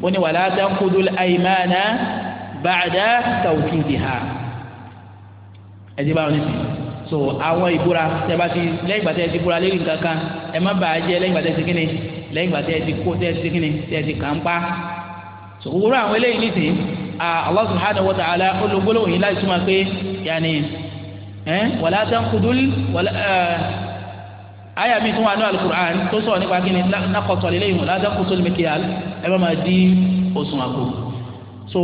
ó ní wàlá tanqudul aymana ba'da tawkidiha ẹ ti bá wọn nísìnyí so àwọn ìbúra tẹ bá ti lẹ́yìn ìgbà tẹ ti búra lẹ́yìn kankan ẹ má bàa jẹ lẹ́yìn ìgbà tẹ ti kíni lẹ́yìn ìgbà tẹ ti kó tẹ ti kíni tẹ ti kàn pa so òwúrọ̀ àwọn eléyìí nìsín allah subhanahu wa ta'ala ó lo gbólóhùn yìí láti túmọ̀ pé yàní. Yani, Eh? wàlá tanqudul wàlá àyà eh, mi tún wà ní alukur'an tó sọ̀rọ̀ nípa kí ni nakọ̀tọ̀ lélẹ́yìn wàlá tanqutul mikyal ẹ bá máa di òsùn àgbo so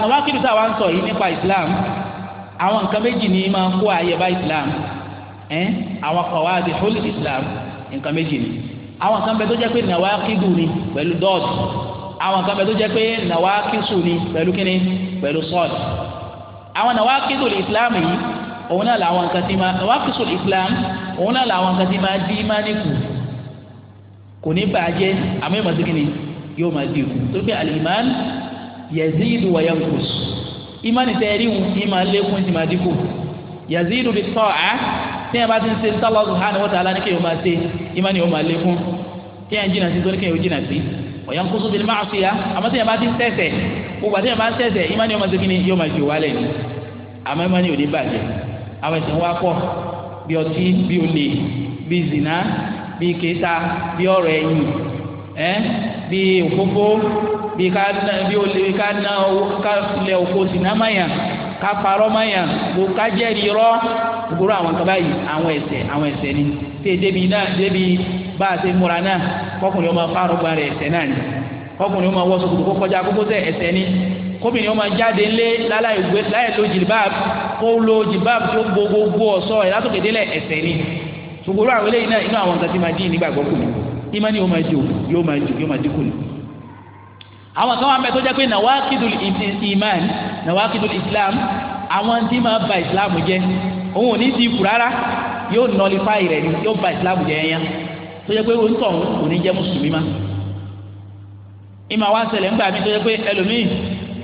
nàwákìlì táwa ń sọ yìí nípa Islam àwọn nǹkan méjì ni máa kó ààyè bá Islam eh? àwọn kọ̀wáàdì hólì Islam nǹkan méjì ni àwọn nǹkan bẹ tó jẹ́ pé nàwákìlù ni pẹ̀lú dọ́ọ̀tù àwọn nǹkan bẹ tó jẹ́ pé nàwákìsù ni pẹ̀lú kíni pẹ̀lú sọ́ọ̀tù àwọn nàwákìlù Islam yìí òun náà làwọn nǹkan tí máa wákìsù islam òun náà làwọn nǹkan tí máa dí ìmánì kù kò ní bàjẹ́ àmọ́ ìmọ̀ sí kìíní yóò máa dínkù torí pé al-iman yazidu wa yanqus ìmánì tẹ́ rí wọn ìmọ̀ lékún ti máa dínkù yazidu bi ta'a tí a bá ti ń ṣe Allah subhanahu wa ta'ala ní kéèyàn máa ṣe ìmánì yóò máa lékún kéèyàn jìnnà sí tó ní kéèyàn jìnnà sí wa yanqusu bil ma'siyah àmọ́ tí a bá ti ń tẹ̀sẹ̀ gbogbo àti a bá ń tẹ̀sẹ̀ ìmánì yóò máa ṣe kìíní yóò máa jù wálẹ̀ ni àmọ́ ìmánì yóò ní bàjẹ́ àwọn ẹ̀ṣẹ̀ wa pọ̀ bí ọtí bí olè bí zina bí kéta bí ọ̀rọ̀ ẹ̀yìn ẹ bí òfófó bí ká bí olè ká ká lẹ òfó zina ká kó ká gbogbo àwọn kaba yìí àwọn ẹ̀ṣẹ̀ àwọn ẹ̀ṣẹ̀ ni tẹ débi náà débi bá a ṣe múra náà kọkùnrin ọmọ fárúgba rẹ náà ni. kọkùnrin ó máa wọ ṣòkòtò kó kọjá kókósẹ̀ ẹsẹ̀ ni kóbìnrin ó máa jáde ńlé láláì lo jìlbáàbù kó lo jìlbáàbù tó bo gbogbo ọ̀ṣọ́ ẹ̀ látòkè délẹ̀ ẹsẹ̀ ni ṣùgbọ́n àwọn eléyìí náà inú àwọn nǹkan tí máa dín nígbàgbọ́ kù ìmánì ó máa dín yóò máa dín yóò máa dín kù àwọn kan wà mẹ́ tó jẹ́ pé nawakidul iman nawakidul islam àwọn tí máa ba islam jẹ́ òun ò ní ti kù rárá yóò nọlifáì rẹ̀ yóò ba islam jẹ́ yẹn tó jẹ́ pé ó ń tọ̀ òun ìmọ̀ wá ṣẹlẹ̀ ńgbà mi tó yẹ pé ẹlòmíì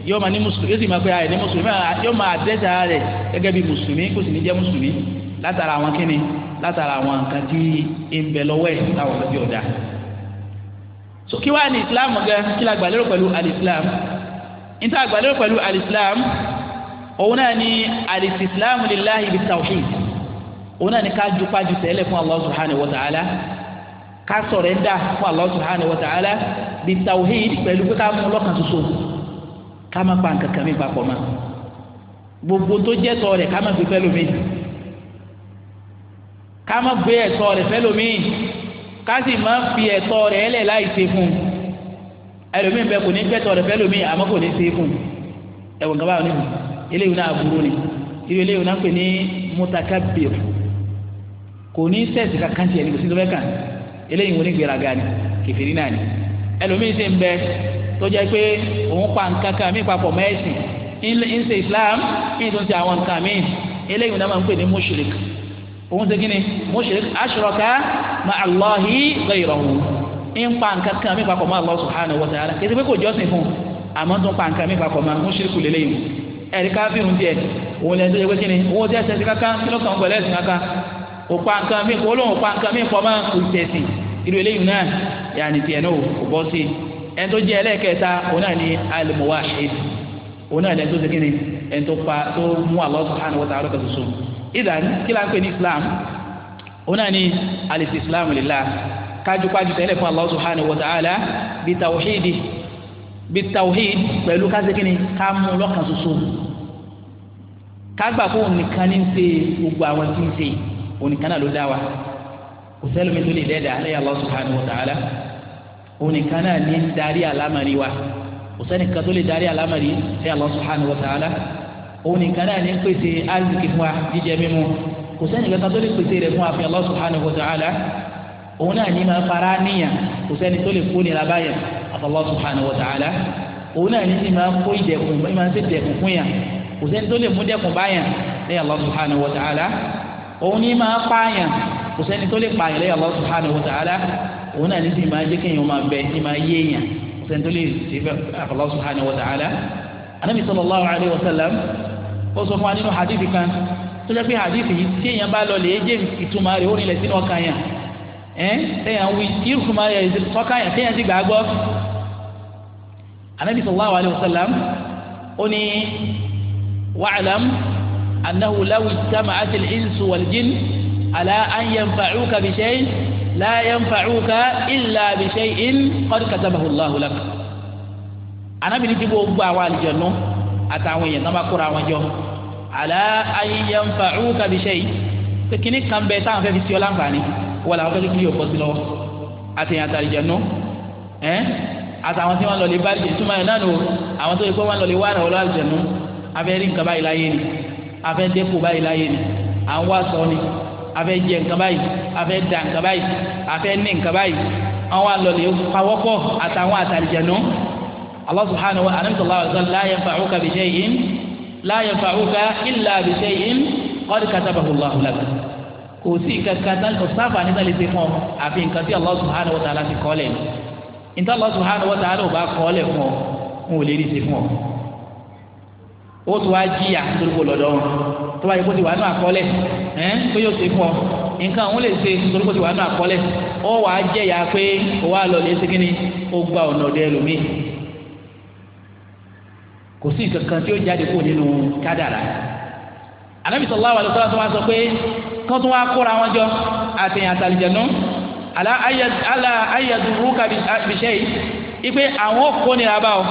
yóò máa ní mùsùlùmí yóò sì máa pé ààyè ní mùsùlùmí yóò máa àdẹ́sà rẹ̀ gẹ́gẹ́ bí mùsùlùmí kò sì ní jẹ́ mùsùlùmí látara àwọn kíni látara àwọn nǹkan tí ń bẹ lọ́wọ́ ẹ̀ láwọn ọ̀dọ́ bí ọ̀dà. so kí wàá ní islam gẹ kí la gbàlérò pẹ̀lú alislam níta gbàlérò pẹ̀lú alislam òun náà ní alisislamu lillahi bitawhid òun náà ní ká jupájú tẹ́lẹ̀ fún Allah subhanahu wa ta'ala ká sọ̀rẹ́ńdà fún Allah subhanahu wa ta'ala bí tawhid pẹ̀lú pé ká mú ọlọ́kan ṣoṣo ká má pa nǹkan kan mi papọ̀ mọ́ gbogbo tó jẹ́ sọ rẹ̀ ká má fi fẹ́ lómi ká má gbé ẹ̀tọ́ rẹ̀ fẹ́ lómi ká sì má fi ẹ̀tọ́ rẹ̀ ẹlẹ̀ láì ṣe fún un ẹlòmíì bẹ kò ní gbẹtọ rẹ fẹlẹ mi àmọ́ kò ní ṣe fún ẹwọn gaba ni eléyìí náà burú ni irú eléyìí náà pè ní mutakabbir kò ní sẹẹsì kankan tiẹ ní kò sí lọ́wọ́ kan eléyìí wọn ní gbéraga ni kẹfìrí náà ni ẹlòmíín sì ń bẹ tó jẹ́ pé òun pa nǹkan kan mí papọ̀ mọ́ ń ṣe islam ń tún ṣe àwọn nǹkan míì eléyìí wọn máa ń pè ní mushrik òun ṣe kí ni mushrik ashraka ma allahi ghayrahu ń pa nǹkan kan mí papọ̀ mọ́ allah subhanahu wa ta'ala kẹsì pé kò jọ́sìn fún àmọ́ tún pa nǹkan mí papọ̀ mọ́ mushriku lélẹ́yìn ẹ̀rí káfíìrún tiẹ̀ òun lẹ́nu tó yẹ òpa nǹkan mi kò lóun òpa nǹkan mi pọ̀ máa kò tẹ̀sí irú eléyìí náà yàní tiẹ̀ náà kò bọ́ sí ẹni tó jẹ́ ẹlẹ́ẹ̀kẹta òun náà ni al-muwahhid òun náà lẹ́ni tó ṣe kíni ẹni tó pa tó mú Allah subhanahu wa ta'ala kẹsùsù ìdán kí la ń pè ní islam òun náà ni al-istislamu lillah kájúkájú tẹ́lẹ̀ fún Allah subhanahu wa ta'ala bi tawhidi bi tawhid pẹ̀lú ká ṣe kíni ká mú lọ́kàn ṣoṣo ká gbà fóun nìkan ní ṣe gbogbo àwọn tí ń ṣe yìí onìkan náà ló dá wa kò sẹ́lómi tó lè dẹ́dà lẹ́yìn Allah subhanahu wa ta'ala onìkan náà ní darí àlámàrí wa kò sẹ́nìkan tó lè darí àlámàrí lẹ́yìn Allah subhanahu wa ta'ala onìkan náà ní pèsè àzìkì fún wa jíjẹ mímu kò sẹ́nìkan tó lè pèsè rẹ̀ fún wa fi Allah subhanahu wa ta'ala òun náà ní máa fara níyàn kò sẹ́ni tó lè kó nira báyà Allah subhanahu wa ta'ala òun náà ní sì kó ìdẹ̀kùn òun ní máa pààyàn kò sẹ́ni tó lè pààyàn lẹ́yìn Allah subhanahu wa ta'ala òun náà ní sì máa jẹ́ kéèyàn máa bẹ ní máa yé èèyàn kò sẹ́ni tó lè ṣe fẹ́ Allah subhanahu wa ta'ala anabi sallallahu alayhi wa sallam ó sọ fún wa nínú hadithi kan tó jẹ́ pé hadithi yìí tí èèyàn bá lọ lè é jẹ́ ìtumọ̀ rẹ̀ ó rìn lẹ̀ sínú ọkàn yàn أنه لو اجتمعت الإنس والجن على أن ينفعوك بشيء لا ينفعوك إلا بشيء قد كتبه الله لك Ànábì ní tí gbogbo àwọn àlùjànnú àtàwọn èèyàn tó bá kóra wọn jọ على أن ينفعوك بشيء pé kíní kan bẹ táwọn fẹ́ fi sí ọ láǹfààní wọ́n làwọn fẹ́ kí kíyọ̀ bọ́ sí lọ́wọ́ àtẹ̀yìn àtàlùjànnú ẹ́ àtàwọn tí wọ́n lọ lè bá àlùjànnú túmọ̀ ẹ̀ náà nù àwọn tó yẹ kó wọ́n lọ lè wá àrà wọ́n lọ́ àlùjànnú abẹ́rẹ́ nǹkan báyìí láyé ni afẹ́ dẹ́kun báyìí láyé ni à ń wá sọ ni afẹ́ jẹ nǹkan báyìí afẹ́ da nǹkan báyìí afẹ́ ní nǹkan báyìí àwọn àlọ́lẹ̀ pawọ́pọ̀ àtàwọn àtàlìjẹ̀nu Allah subhanahu wa ta'ala sọ̀rọ̀ la yanfa'uka bi shay'in la yanfa'uka illa bi shay'in qad katabahu Allahu lak kò sí kankan kò sáfà nígbà lè fi fún ọ àfi nǹkan tí Allah subhanahu wa ta'ala ti kọ́ lẹ̀ ní nǹkan wa ta'ala ò bá kọ́ fún ọ n ò lè rí fún ọ owó tó wá jìyà torí kò lọ́dọ̀ wọn tó bá yẹ kó ti wà nù àkọọ́lẹ̀ ẹ̀ pé yóò ṣe fún ọ nǹkan òun lè ṣe torí kó ti wà nù àkọọ́lẹ̀ ọ wà á jẹ̀yà pé ó wà lọ lè ṣe kí ni gba ọ̀nà ọ̀dẹ ẹlòmíì kò sí nǹkan kan tí ó jáde kó nínú kádàrá Ànábì sallallahu alaihi wasallam tó wá sọ pé kán tó wá kóra wọn jọ àtẹ̀yìn àtàlìjẹ̀nú àlà ayẹ̀dùrú kàbíṣẹ́ yìí ipe àwọn kò nira bá ọ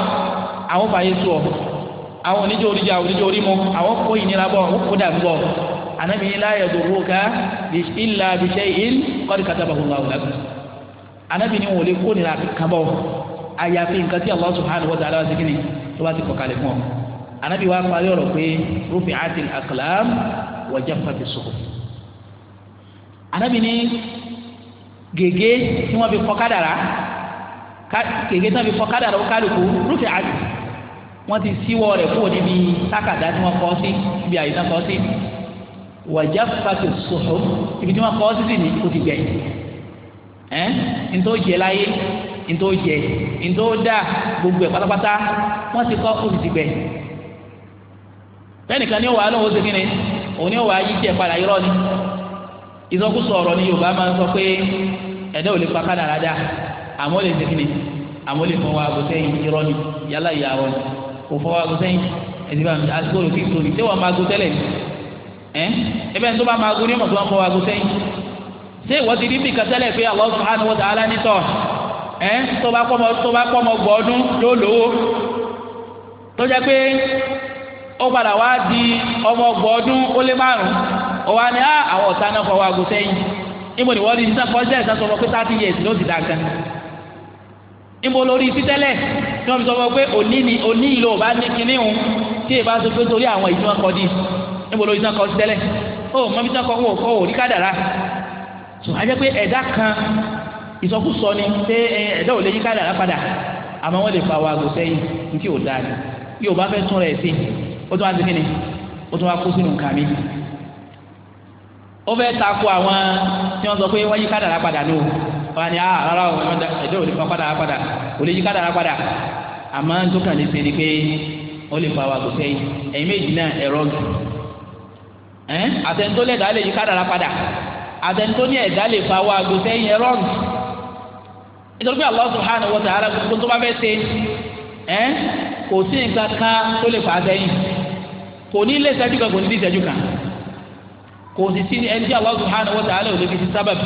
àwọn fàyè sùn ọ àwọn oníjó orí jẹ àwọn oníjó orí mu àwọn kó ìnira bọ àwọn kó dàgbọ anabi ni láyé dòwò ká ilà bisẹ il kọ́ni kàtàbà wùlá wùlá kù anabi ni wòlé kó nira kan bọ àyàfi nǹkan tí Allah subhanahu wa ta'ala wa segin ni tó bá ti kọ kalẹ̀ fún ọ anabi wa parí ọ̀rọ̀ pé rufi ati akalam wa jaffati suhuf anabi ni gègé tí wọn fi kọ kádàrá gègé tí wọn fi kọ kádàrá ó kálukú rufi ati wọ́n ti síwọ́ rẹ̀ kúrò níbi tákàdá tí wọ́n kọ́ sí ibi àyè náà kọ́ sí wàjà pàṣẹ sọ̀rọ̀ ibi tí wọ́n kọ́ sí sì ní kò ti gbẹ̀yìn ẹ́ ntọ́ jẹ láyé ntọ́ jẹ ntọ́ dá gbogbo ẹ̀ pátápátá wọ́n ti kọ́ kò ti gbẹ̀yìn fẹ́nìkan ní wàá lóhùn ó ṣe kí òun ní wàá yí tiẹ̀ padà yọrọ ni ìsọkúsọ ọ̀rọ̀ ni Yorùbá máa ń sọ pé ẹ̀dá ò lè pa kádàrá dá àmọ́ lè ṣe àmọ́ lè fọwọ́ àbòsẹ́yìn irọ́ ni yálà ìyá ni kò fọwọ́ aago sẹ́yìn ẹ̀sì bá mi àsìkò rò kí n tóbi tẹ́wọ̀ máa go tẹ́lẹ̀ ẹ̀ ẹ̀bẹ̀ tó bá máa go ní ọmọ tó wọ́n fọwọ́ aago sẹ́yìn ṣé ìwọ ti rí bí kẹsẹ́lẹ̀ pé Allah subhanahu wa ta'ala nítọ̀ ẹ̀ tó bá pọ́ mọ gbọ́ ọdún ló lówó tó jẹ́ pé ó padà wá di ọmọ gbọ́ ọdún ó lé márùn-ún ó wá ní ah, àwọn ọ̀tá náà fọwọ́ aago sẹ́yìn níbo ni wọ́n rí sísá fọ́ọ́sẹ̀ thirty years ló ti níbo lórí títẹ́lẹ̀ tí wọ́n fi sọ fún ọ pé òní ni òní ìlò ò bá ní kinní òun tí èèbá sọ pé sórí àwọn ìdí wọn kọ di níbo lórí tán kọ títẹ́lẹ̀ ó mọ bí tán kọ wọn ò kọ òrí kádàrá tó a jẹ́ pé ẹ̀dá kan ìsọkúsọ ni pé ẹ̀dá ò lè yí kádàrá padà àmọ́ wọ́n lè fa wa àgò sẹ́yìn ní tí ò dáa ni yóò bá fẹ́ tún rẹ̀ sí ó tún wá sí kinní ó tún wá kó sínú nǹkan mi ó fẹ́ takò àwọn tí wọ́n sọ pé wọ́n yí kádàrá padà ní o wọn ni ah rárá o ẹjọ́ ò lè fa kádàrá padà ò lè yí kádàrá padà àmọ́ tó kàn ní sẹ́ni pé ó lè fa wa kò sẹ́yìn ẹ̀yin méjì náà ẹ̀rọ gù ẹ́ àtẹ̀ntó lẹ́dàá lè yí kádàrá padà àtẹ̀ntó ní ẹ̀dá lè fa wa kò sẹ́yìn ẹ̀rọ gù nítorí pé Allah subhanahu wa ta'ala gbogbo tó bá fẹ́ ṣe ẹ́ kò sí nǹkan kan tó lè fà á sẹ́yìn kò ní lé ìṣẹ́jú kan kò ní bí ìṣẹ́jú kan kò sì sí ẹni tí Allah subhanahu wa ta'ala ò lè fi ti sábàbí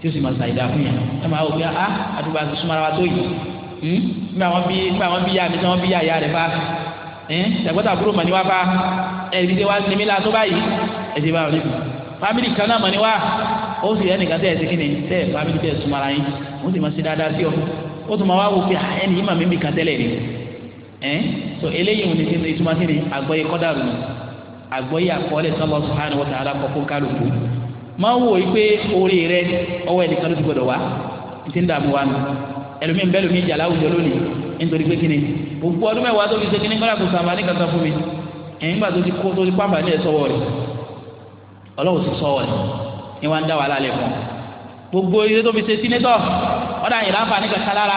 tí ó sì máa ṣàyẹ̀dá fún yẹn ẹ máa wò pé a ah, àdúgbò àti súnmọ́ra wa tó yìí hmm? nígbà wọn bí nígbà wọn bí yá mi tí wọn bí yá ìyá rẹ fa eh, ṣàgbọ́tà àbúrò mọ̀ ní wá fa ẹ̀rí tí wá ní mi láàtó báyìí ẹ̀dí bá rí mi fámìlì kan náà mọ̀ ní wá ó sì ẹnìkan tẹ̀ ẹ̀sìn kìnnì tẹ̀ fámìlì tẹ̀ súnmọ́ra yín ó sì máa ṣe dáadáa sí ọ ó tún máa wá wò pé ah, ẹnì yìí mà mí mi kan tẹ́lẹ̀ rí eh? so eléyìí òun ni ti ìtumọ̀ sí ni àgbọ̀yé kọ́dà rù àgbọ̀yé àkọọ́lẹ̀ sọ́lọ́ sùhánù wọ́tà alákọ̀ọ́kọ́ kálukú máa ń wò yí pé orí rẹ ọwọ́ ẹnìkan ló ti gbọdọ̀ wá ti ń dààmú wa nù láwùjọ lónìí nítorí pé kíni ọdún mẹ́wàá fi ṣe kọ́lá kò sàmà ní kankan fún mi ẹ̀yìn gbà tó ti kó tó ti ní ẹ̀sọ́wọ́ rẹ̀ ọlọ́wọ́ sọ́wọ́ gbogbo ilé tó fi ṣe sínétọ̀ ọ̀dà yìí láǹfà ní kankan lára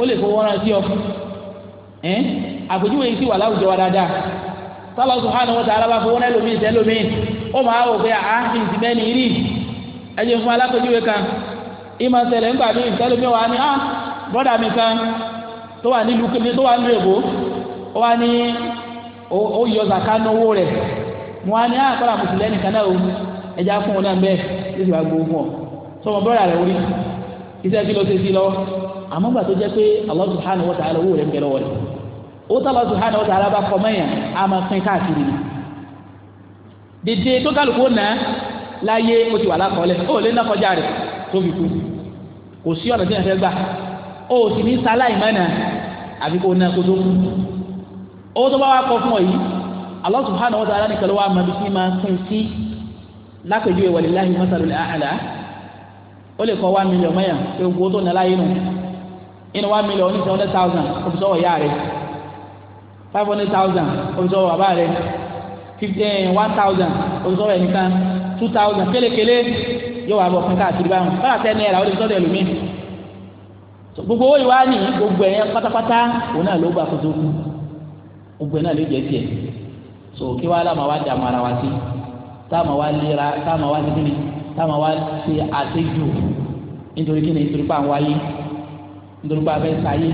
ó lè fowó rán sí ọ ẹ àpèjúwe yìí sì wà láwùjọ wa dáadáa sọlá subhanahu wa ta'ala bá fowó rán ẹlòmíì sí ẹlòmíì ó máa wò pé àá fi ìsìn mẹ́ni rí ẹjẹ fún alápèjúwe kan ìmọ̀ ṣẹlẹ̀ ńgbà mí ìsẹ́lómi wa ni ah bọ́dà mi kan tó wà nílùú kébé tó wà nílùú èbó ó wà ní ó yọ zaka náwó rẹ̀ mo wá ní ah kọ́lá mùsùlùmí ẹnìkan náà o ẹja fún wọn náà bẹ́ẹ̀ ó sì wá gbowó fún ọ iṣẹ́ kí ló ṣe sí lọ àmọ́ gbà tó jẹ́ pé Allah subhanahu wa ta'ala owó rẹ̀ ń bẹ lọ́wọ́ rẹ̀ ó tá Allah subhanahu wa ta'ala bá kọ mẹ́yìn á máa pín káàkiri ni dèdè tó kálukú nà láyé ó ti wà lákọọ́lẹ̀ ó lè ná kọjá rẹ̀ tó fi kú kò sí ọ̀nà tí wọ́n fẹ́ gbà ó sì ní sáláì mẹ́nà àfi kó ná kó tó kú ó tó bá wà kọ fún ọ yìí Allah subhanahu wa ta'ala nìkan ló wà ó lè kọ́ one million mẹ́yà pé gbogbo tó nà láyé nù inú one million ní seven hundred thousand ó fi sọ́wọ́ ìyá rẹ̀ five hundred thousand ó fi sọ́wọ́ bàbá rẹ̀ fifteen eh, one thousand ó fi sọ́wọ́ two thousand kélekèlé yóò wá bọ̀ fún káàkiri báwọn báyà tẹ́ ní ẹ̀rà ó lè sọ́dọ̀ ẹlòmíì gbogbo owó ìwá ní gbogbo ẹ̀yẹ pátápátá òun náà ló gbà kó tó kú gbogbo ẹ̀ náà ló jẹ́ tiẹ̀ so kí wàá lámà wá dààmú ara wa sí táàmà wá lera táàmà wá sí kíni táwọn wá ṣe àṣejù nítorí kí ni nítorí pé àwọn ayé nítorí pé abẹ́ sáyé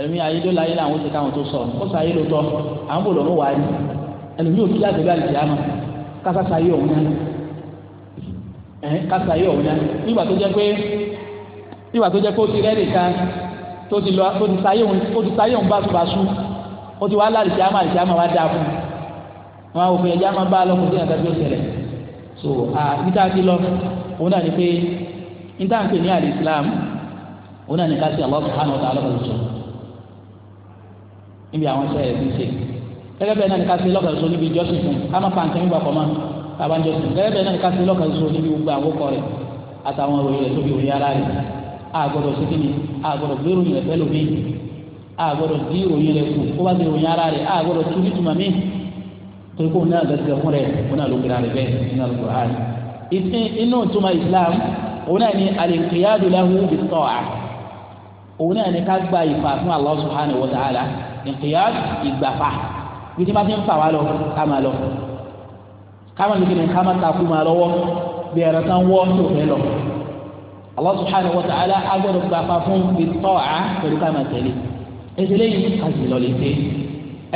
ẹ̀mí ayédọ́lá ayé làwọn ti káwọn tó sọ ó sáyé lóòótọ́ àwọn bò lọ́mọ wà á rí ẹlòmí ò kí àgbẹ̀bí àlùjá mọ̀ kásá sáyé ọ̀hún náà ẹ̀hìn kásá yé ọ̀hún náà nígbà tó jẹ́ pé nígbà tó jẹ́ pé ó ti rẹ́ẹ̀dì kan tó ti lọ tó ti sáyé òun tó ti sáyé òun báṣubàṣu ó ti wá lálùjá mọ̀ wá dáa fún un wọn àwọn òfin ẹ̀já máa bá a lọ́kùnrin àtàbí ó ṣẹlẹ̀ so níta ti lọ òun náà ni pé níta ń pè ní àlè islam òun náà ni ká sí Allah subhanahu wa ta'ala lọ́kọ̀ọ́sọ níbi àwọn iṣẹ́ rẹ̀ ti ṣe gẹ́gẹ́ bẹ́ẹ̀ náà ni ká sí lọ́kọ̀ọ́sọ níbi ìjọsìn fún ká má pa nǹkan nígbà kan mọ́ tàbá ń jọsìn gẹ́gẹ́ bẹ́ẹ̀ náà ni ká sí lọ́kọ̀ọ́sọ níbi gbogbo àwòkọ rẹ̀ àtàwọn òye rẹ̀ tóbi òye ara ara rẹ̀ torí kóun náà gẹ́gẹ́ fún rẹ̀ kóun náà ló gbéra rẹ̀ bẹ́ẹ̀ nínú alukur'an ìsìn inú ìtumọ̀ islam òun náà ni alìkìyàdù lahu bit-ta'a òun náà ni ká gba ìfà fún allah subhanahu wa ta'ala ìkìyàdù ìgbàfà bí tí bá ti ń fà wá lọ ká máa lọ ká máa lùkìlì ká takú máa lọ́wọ́ bí ẹ̀rọ tán wọ́ tó fẹ́ lọ allah subhanahu wa ta'ala agbọ́dọ̀ gbàfà fún bit-ta'a pẹ̀lú ká tẹ̀lé ètò lẹ́yìn kásì lọ lè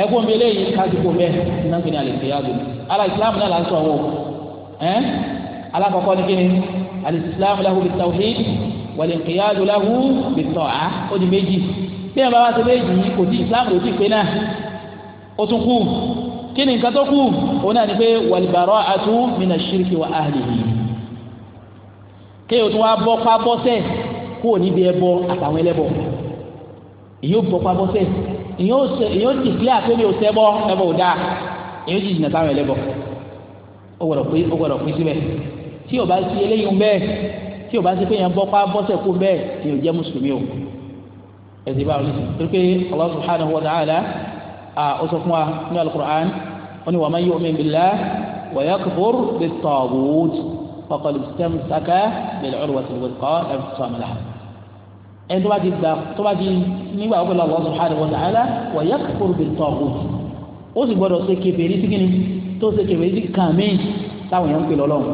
ẹkún mi eléyìí kásìkò bẹ́ẹ̀ iná gbin alẹ́ fìyà gbin ala islam náà la sọ wọ ẹ alakọkọ ni kini alẹ islam lahu bi tawhid wàlẹ qiyadu lahu bi ta'a ó di méjì bí ẹ bá wá sí méjì yìí kò sí islam ló ti pé náà ó tún kú kí ni nǹkan tó kù òun náà ni pé wal bara'atu min ash-shirki wa ahlihi kéèyàn tún wá bọ́ pa bọ́sẹ̀ kó o níbi ẹbọ àtàwọn ẹlẹ́bọ èyí ó bọ́ pa bọ́sẹ̀ èyàn ó ti clear pé mi ò ṣẹbọ ẹbọ ò dáa èyàn ó ti jìnnà sáwọn ẹlẹ́bọ ó gbọ́dọ̀ pé ó gbọ́dọ̀ pín síbẹ̀ tí o bá sí eléyìí ń bẹ́ẹ̀ tí o bá sí pé yẹn bọ́ pa bọ́sẹ̀ kú bẹ́ẹ̀ ni ò jẹ́ mùsùlùmí o ẹ̀sìn bá wọn nítorí pé Allah subhanahu wa ta'ala ó sọ fún wa ní al ó ní wa man yu'min billah wa yakfur bit-taghut faqad istamsaka bil-'urwati al-wuthqa ẹni tó bá ti gbà tó bá ti nígbà wọ́pẹ́ lọ́wọ́ subhanahu wa ta'ala wa yakfur bil taghut ó sì gbọ́dọ̀ ṣe kèfèrí sí n'i tó ṣe kèfèrí sí kàmín táwọn èèyàn ń pè lọ́lọ́run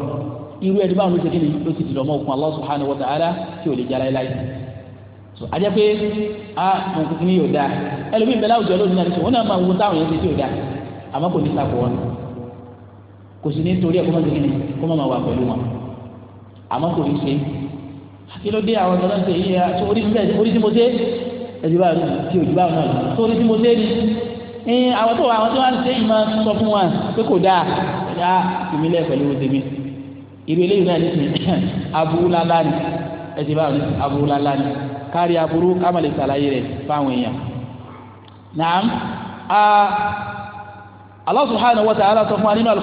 irú ẹni báwọn ló ṣe kíni ló ti dìlọ́ mọ́ òkun Allah subhanahu wa ta'ala tí ò lè jára láyé so a wọn kò kíni yóò dáa ẹlòmíín bẹ́ẹ̀ láwùjọ lónìí náà wọn náà máa wo táwọn ṣe tí dáa kò ní sàkó wọn kò sì ní kí ló dé àwọn ọ̀dọ́ ṣe yíya ah, tó orí bẹ́ẹ̀ orí tí mo dé ẹ̀jú bá ti òjú bá náà tó orí tí mo dé ni ẹ̀yìn àwọn tó àwọn tó wà ń ṣe yìí máa sọ fún wa pé kò dáa ẹ̀dá ìmílẹ̀ pẹ̀lú tèmi irú eléyìí náà nísìnyí aburú lálá ni ẹ̀jú bá aburú lálá ni kárí aburú káma lè ṣàlàyé fáwọn èèyàn. naam Allah subhanahu wa ta'ala sọ fún wa nínú al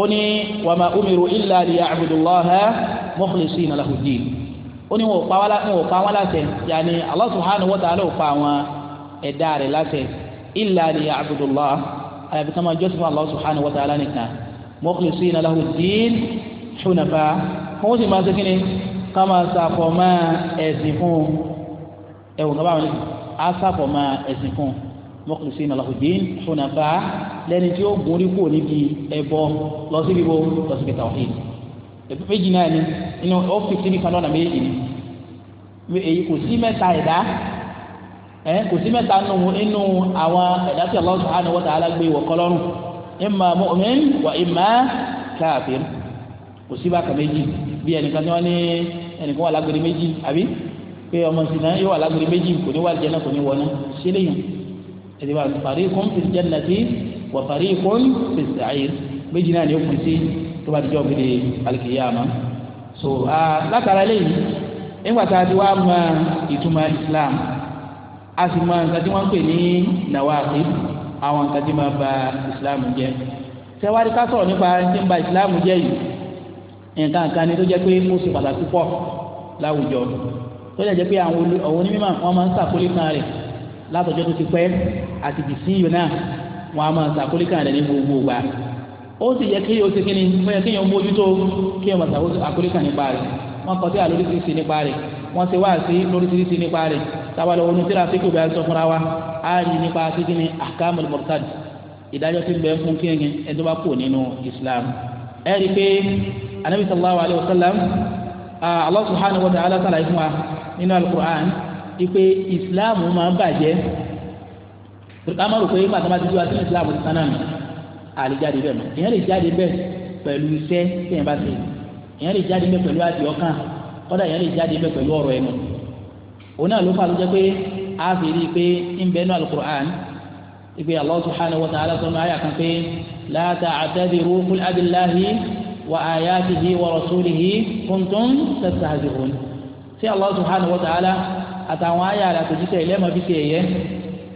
ó ní wa umiru illa liya'budu Allah mukhlisina lahud-din ó ní wọn ò pa wọn láṣẹ yàní Allah subhanahu wa ta'ala ò pa àwọn ẹ̀dá rẹ̀ láṣẹ illa liya'budullah àyàfi kama jọ́sìn fún Allah subhanahu wa ta'ala nìkan mukhlisina lahud-din hunafa fún ó sì máa ṣe kí ni ká máa ṣàfọ̀ máa ẹ̀sìn fún ẹ̀wọ̀n kábàámọ̀ ní aṣàfọ̀ máa ẹ̀sìn fún un mukhlisina lahudin hunafa tí ó gun orí kúrò níbi ẹbọ lọ síbi bo méjì náà ni inú ó fìtí nìkan lọ́nà méjì ni èyí kò sí mẹ́ta ẹ̀dá ẹ kò sí mẹ́ta nínú àwọn ẹ̀dá tí Allah subhanahu wa ta'ala gbé wọ̀ kọ́lọ́rùn imma mu'min wa imma kafir kò sí bákan méjì bí ẹnìkan ní wọ́n ní ẹnìkan wà lágbèrè méjì àbí pé ọmọ sinna yóò wà lágbèrè méjì kò ní wà jẹ́nà kò ní wọ̀ náà ṣé lè yàn ẹ̀dí wa fariqun fil jannati wa fariqun fis sa'ir méjì náà ni ó kù sí tó bá ti jọ gbèdé alikiyama so látara eléyìí nígbà tá a ti wá mọ ìtumọ̀ islam a sì mọ nǹkan tí wọ́n ń pè ní nàwáàkì àwọn nǹkan tí máa ba islam jẹ́ sẹ́wárí ká sọ̀rọ̀ nípa tí ń ba islam jẹ́ yìí nǹkan kan ni tó jẹ́ pé ó ṣe pàtàkì pọ̀ láwùjọ tó jẹ́ pé àwọn onímọ̀ wọn máa ń sàkólé kan rẹ̀ látọjọ́ tó ti pẹ́ àti bìsí yìí náà wọn á máa sàkólé kan rẹ̀ ní gbogbo ìgbà ó sì yẹ kéèyàn ó ṣe kíni ó yẹ kéèyàn mójútó kéèyàn bàtà àkóríkà nípa rẹ̀ wọ́n kọ́ sí àlóríṣiríṣi nípa rẹ̀ wọ́n ṣe wá sí lóríṣiríṣi nípa rẹ̀ tábàlọ́ wọnú tíra fíkì bá sọ fúnra wa á rí nípa kíkíni àkàmùl murtad ìdájọ́ tí ń bẹ fún kíni ẹni tó bá kú nínú Islam ẹ rí i pé anabi sallallahu alayhi wa sallam Allah subhanahu wa ta'ala sàlàyé fún wa nínú al-Qur'an ipe Islam máa ń bàjẹ́ kámárù pé màtàmátì tí wàá sí Islam ti àlejáde bẹ́ẹ̀ mọ́ ìyẹn lè jáde bẹ́ẹ̀ pẹ̀lú iṣẹ́ tẹ̀yìn bá ṣe ìyẹn lè jáde bẹ́ẹ̀ pẹ̀lú àti ọkàn kọ́dà ìyẹn lè jáde bẹ́ẹ̀ pẹ̀lú ọ̀rọ̀ ẹnu òun náà ló fà ló jẹ́ pé a fi rí i pé ń bẹ́ẹ̀ nú alukur'an ìpè Allah subhanahu wa ta'ala sọ́nù ayà kan pé la ta'tadiru qul abillahi wa ayatihi wa rasulihi kuntum tastahzi'un sí Allah subhanahu wa ta'ala àtàwọn ayà àlàtòjútẹ̀ ilé ẹ̀mọ́ fi ṣe ẹ̀yẹ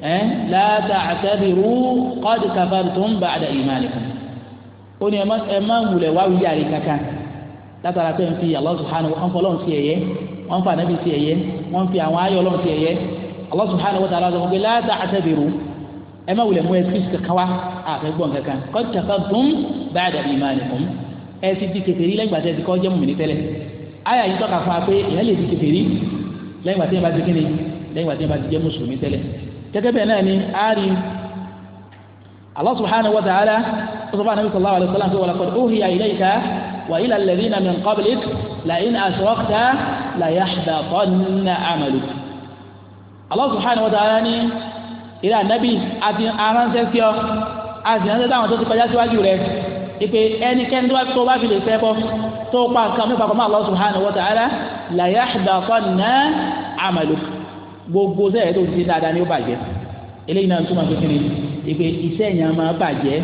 ẹ la ta'tabiru qad kafartum ba'da imanikum ó ní ẹ má wulẹ̀ wá wíyà rẹ̀ kankan látara pé n fi Allah subhanahu wọn fọlọ́n fi ẹ̀yẹ wọn fa anabi fi ẹ̀yẹ wọn fi àwọn ayọ̀ lọ́n fi ẹ̀yẹ Allah subhanahu wa ta'ala sọ fún mi la ta'tabiru ẹ má wulẹ̀ mú ẹ kristu kankan wá àfẹ́ gbọ́n kankan qad kafartum ba'da imanikum ẹ ti di kèfèrí lẹ́gbàtẹ́ ti kọ́ jẹ́ mùmí tẹ́lẹ̀ ayà yìí tọ́ka fún wa pé ìyẹn lè di kèfèrí lẹ́gbàtẹ́ bá ti kíni lẹ́gbàtẹ́ bá ti jẹ́ mùsùlùmí tẹ́lẹ̀ gẹ́gẹ́ bẹ́ẹ̀ náà ni ari Allah subhanahu wa ta'ala sọfọ anabi sallallahu alayhi wa sallam sọfọ laqad uhiya ilayka wa ila alladhina min qablik la in asrakta la yahbatanna amaluk Allah subhanahu wa ta'ala ni ìlà anabi àti aránṣẹ́ sí àti aránṣẹ́ táwọn tó ti kọjá síwájú rẹ ìpè ẹnikẹ́ni tó bá fi lè fẹ́ bọ́ tó pa nǹkan mẹ́fà kọ́ mọ́ Allah subhanahu wa ta'ala la yahbatanna amaluk gbogbo sẹ́yìn tó ti dáadáa ni ó bàjẹ́ eléyìí náà túmọ̀ pé kíni ìpè iṣẹ́ yẹn máa bàjẹ́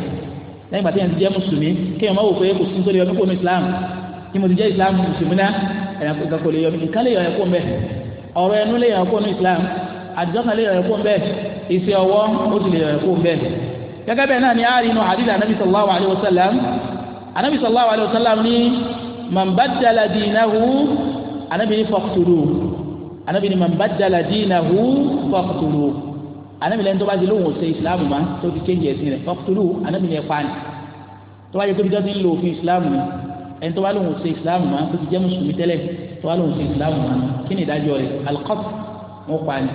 lẹ́yìn pàtẹ́ yẹn ti jẹ́ mùsùlùmí kéèyàn máa wò pé kò sí nítorí ọdún kò ní islam ni mo ti jẹ́ islam mùsùlùmí náà ẹ̀yà kankan kò lè yọ nǹkan lè yọ ẹ̀kọ́ mbẹ́ ọ̀rọ̀ ẹnu lè yọ ẹ̀kọ́ ní islam àdìsọ́kàn lè yọ ẹ̀kọ́ mbẹ́ iṣẹ́ ọwọ́ ó ti lè yọ ẹ̀kọ́ mbẹ́ gẹ́gẹ́ bẹ́ẹ̀ náà ni a rí inú hadith anabi sallallahu alayhi wa sallam anabi sallallahu alayhi wa sallam ni man badala dinahu anabi ni faqtuluhu anabi ni man badala dinahu faqtulu anabi lẹni tó bá ti lóhùn ṣe islam ma tó ti kéńjì ẹsìn rẹ faqtulu anabi ni ẹ pa ni tó bá yẹ tóbi tó ti ń lo òfin islam ni ẹni tó bá lóhùn ṣe islam ma tó ti jẹ́ mùsùlùmí tẹ́lẹ̀ tó bá lóhùn ṣe islam ma kí ni ìdájọ́ rẹ alqaf wọn pa ni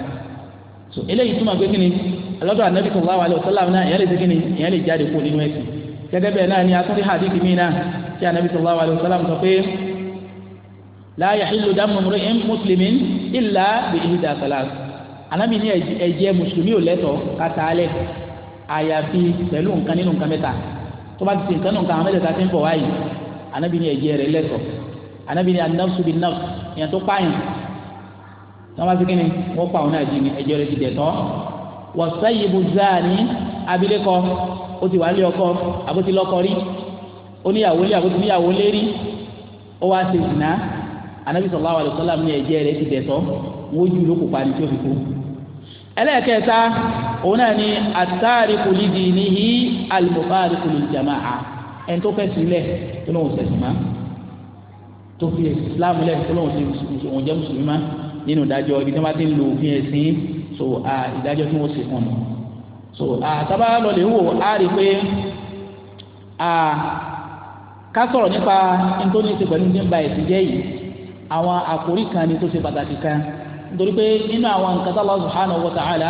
so eléyìí túmọ̀ pé kí alọ́dọ̀ anabi sallallahu alaihi wasallam náà ìyẹn lè ṣe kí ni lè jáde kó nínú ẹ̀sìn gẹ́gẹ́ bẹ́ẹ̀ náà ni la yahillu damu imri'in muslimin illa bi ihda salas anabi ní ẹ̀jẹ̀ mùsùlùmí ò lẹ́tọ̀ọ́ kàtà alẹ́ àyàfi pẹ̀lú nǹkan nínú nǹkan mẹ́ta tó bá ti ṣe nǹkan nínú nǹkan mẹ́ta ti ń bọ̀ wáyé anabi ní ẹ̀jẹ̀ rẹ̀ lẹ́tọ̀ọ́ anabi ní an-nafsu bin-nafs ìyẹn tó pààyàn tó bá ti kí ni wọ́n pa òun náà jí ni ẹ̀jẹ̀ rẹ̀ ti dẹ̀ tọ́ wọ́sẹ̀yìnbó zani abilékọ ó ti wà lé ọkọ àbótilọ́kọ rí oníyàwó lé àbótiníyàwó lé rí ó wá ṣe ìsìnà anabi sallallahu alayhi wa sallam ní ẹ̀jẹ̀ rẹ̀ ti dẹ̀tọ́ wọ́n ju ló kó pa ní tí ó fi kú. ẹlẹ́ẹ̀kẹta òun náà ni hi tariku li dinihi al-mufariqu lil jama'a ẹni tó fẹ́ sílẹ̀ tó lóun sẹ̀sìn má tó fi islam lẹ̀ tó lóun jẹ́ mùsùlùmí má nínú ìdájọ́ ibi tí wọ́n ti ń lo òfin ẹ̀sìn so ìdájọ́ tí wọ́n ṣe fún ọ so a lọlẹ̀ wò á rí i pé ká sọ̀rọ̀ nípa nítorí ṣe pẹ̀lú ní ba ẹ̀sìn jẹ́ yìí àwọn àkórí kan ni tó ṣe pàtàkì kan nítorí pé nínú àwọn nǹkan tí Allah subhanahu wa ta'ala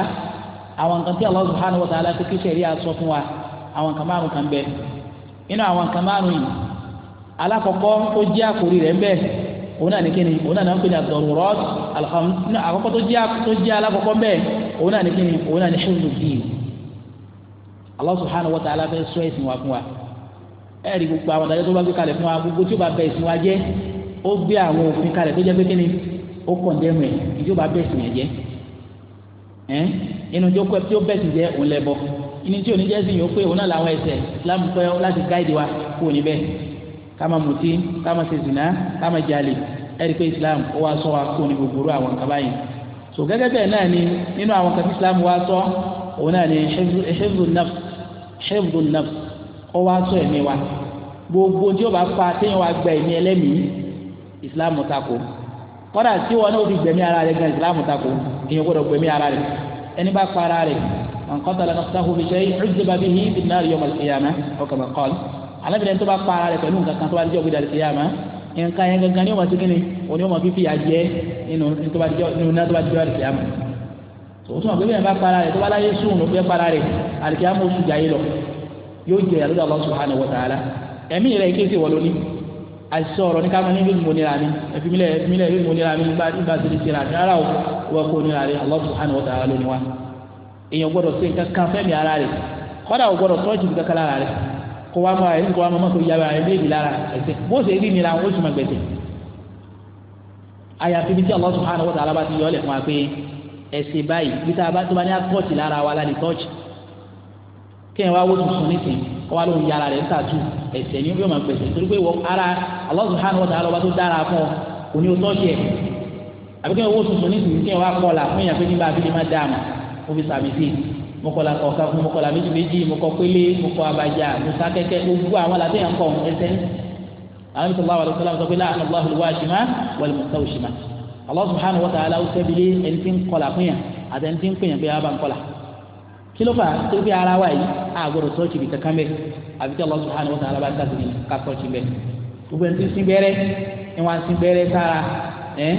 àwọn nǹkan tí Allah subhanahu wa ta'ala tó kí sẹ̀rí àṣọ fún wa àwọn nǹkan márùn kan bẹ nínú àwọn nǹkan márùn yìí alákọ̀ọ́kọ́ tó jẹ́ àkórí rẹ̀ ń bẹ òun náà ní kíni òun náà ní wọ́n pè àkọ́kọ́ tó jẹ́ tó jẹ́ alákọ̀ọ́kọ́ òun náà ní kíni Allah subhanahu wa ta'ala fẹ́ sọ ẹ̀sìn wa fún wa ẹ̀rí gbogbo àwọn adájọ́ tó ó gbé àwọn òfin kalẹ̀ tó jẹ́ pé kíni ó kọ̀ndẹ́mù ẹ̀ ìjọba bẹ̀sì yẹn jẹ́ ẹ́n inú jókòó tí ó bẹ̀sì jẹ́ òun lẹ́bọ inú tí òní jẹ́sìn yóò pé òun náà làwọn ẹsẹ̀ lámùpẹ́ láti gáìdì wa kó o níbẹ̀ ká mutí ká máa ṣe jalè ẹ̀rí pé Islam ó wá sọ wa kó o gbogbo àwọn nǹkan báyìí so gẹ́gẹ́ bẹ́ẹ̀ náà ni nínú àwọn kan Islam wá sọ òun náà ni hifdhun nafs hifdhun nafs ó wá sọ ẹ̀mí wa gbogbo tí ó bá fa téèyàn wá gba ẹ̀mí ẹlẹ́mìí ìsìláàmù tako kọ́dà tí wọn náà fi gbẹ̀mí ara rẹ̀ gan ìsìláàmù tako èèyàn gbọ́dọ̀ gbẹ̀mí ara rẹ̀ ẹni bá pa ara rẹ̀ ọ̀nkọ́tàlá náà sáfù fi ṣe é ṣùgbọ́n bí hi bí náà yọmọ ìyàmá ọkọ̀mọ̀ kọ́l alábìrin tó bá pa ara rẹ̀ pẹ̀lú nǹkan kan tó bá jẹ́ òkúta ìyàmá nǹkan yẹn gangan ni wọ́n ti kíni òní wọ́n fífi àjẹ́ nínú tó bá jẹ́ nínú tó bá jẹ́ ìyàmá tòótọ́ wọn gbẹ́bí yẹn bá para àìsàn ọ̀rọ̀ ní ká máa ní bí mo nira mi ẹ̀fìmílẹ̀ ẹ̀fìmílẹ̀ bí mo nira mi nígbà nígbà tí ti ra mi ara o wọ́n kó nira rẹ̀ Allah subhanahu wa ta'ala lónìí wa èèyàn gbọ́dọ̀ sí nǹkan kan fẹ́mi ara rẹ̀ kọ́dà ò gbọ́dọ̀ sọ́ọ̀jì nǹkan kan lára rẹ̀ kó wa máa rẹ̀ kó wa máa mọ́tò yára rẹ̀ léèdì lára ẹ̀sẹ̀ bó ṣe rí nira ó sì máa gbẹ̀sẹ̀ àyàfi bí tí Allah subhanahu wà lóun yàrá rẹ̀ ń tàtú ẹ̀ṣẹ̀ ni ó bí wọn máa pèsè torí pé wọ́n ara Allah subhanahu wa ta'ala ọba tó dára fún ọ kò ní o tọ́jú ẹ̀ àbí kí wọ́n wó tuntun nísìnyí kí wọ́n á kọ́ la fún yàn pé nígbà àbí ni má dáa mọ̀ mo fi sàmì sí mo kọ́ la ọ̀ka fún mo kọ́ la méjì méjì mo kọ́ pélé mo kọ́ abajà mo sá kẹ́kẹ́ gbogbo àwọn làtẹ́ yẹn kọ́ ẹsẹ̀ àwọn sọlá wa sọlá sọ pé láàánú allah ló wá wa ta'ala kí ló fà á tó fi ara wa yìí a gbọ́dọ̀ sọ́ọ̀tì bì kankan bẹ́ẹ̀ àbí tí Allah subhanahu wa ta'ala bá dàgbé ní ká sọ́ọ̀tì bẹ́ẹ̀ gbogbo ẹni tí ń sin bẹ́rẹ́ ni wọ́n á sin bẹ́rẹ́ sára ẹ̀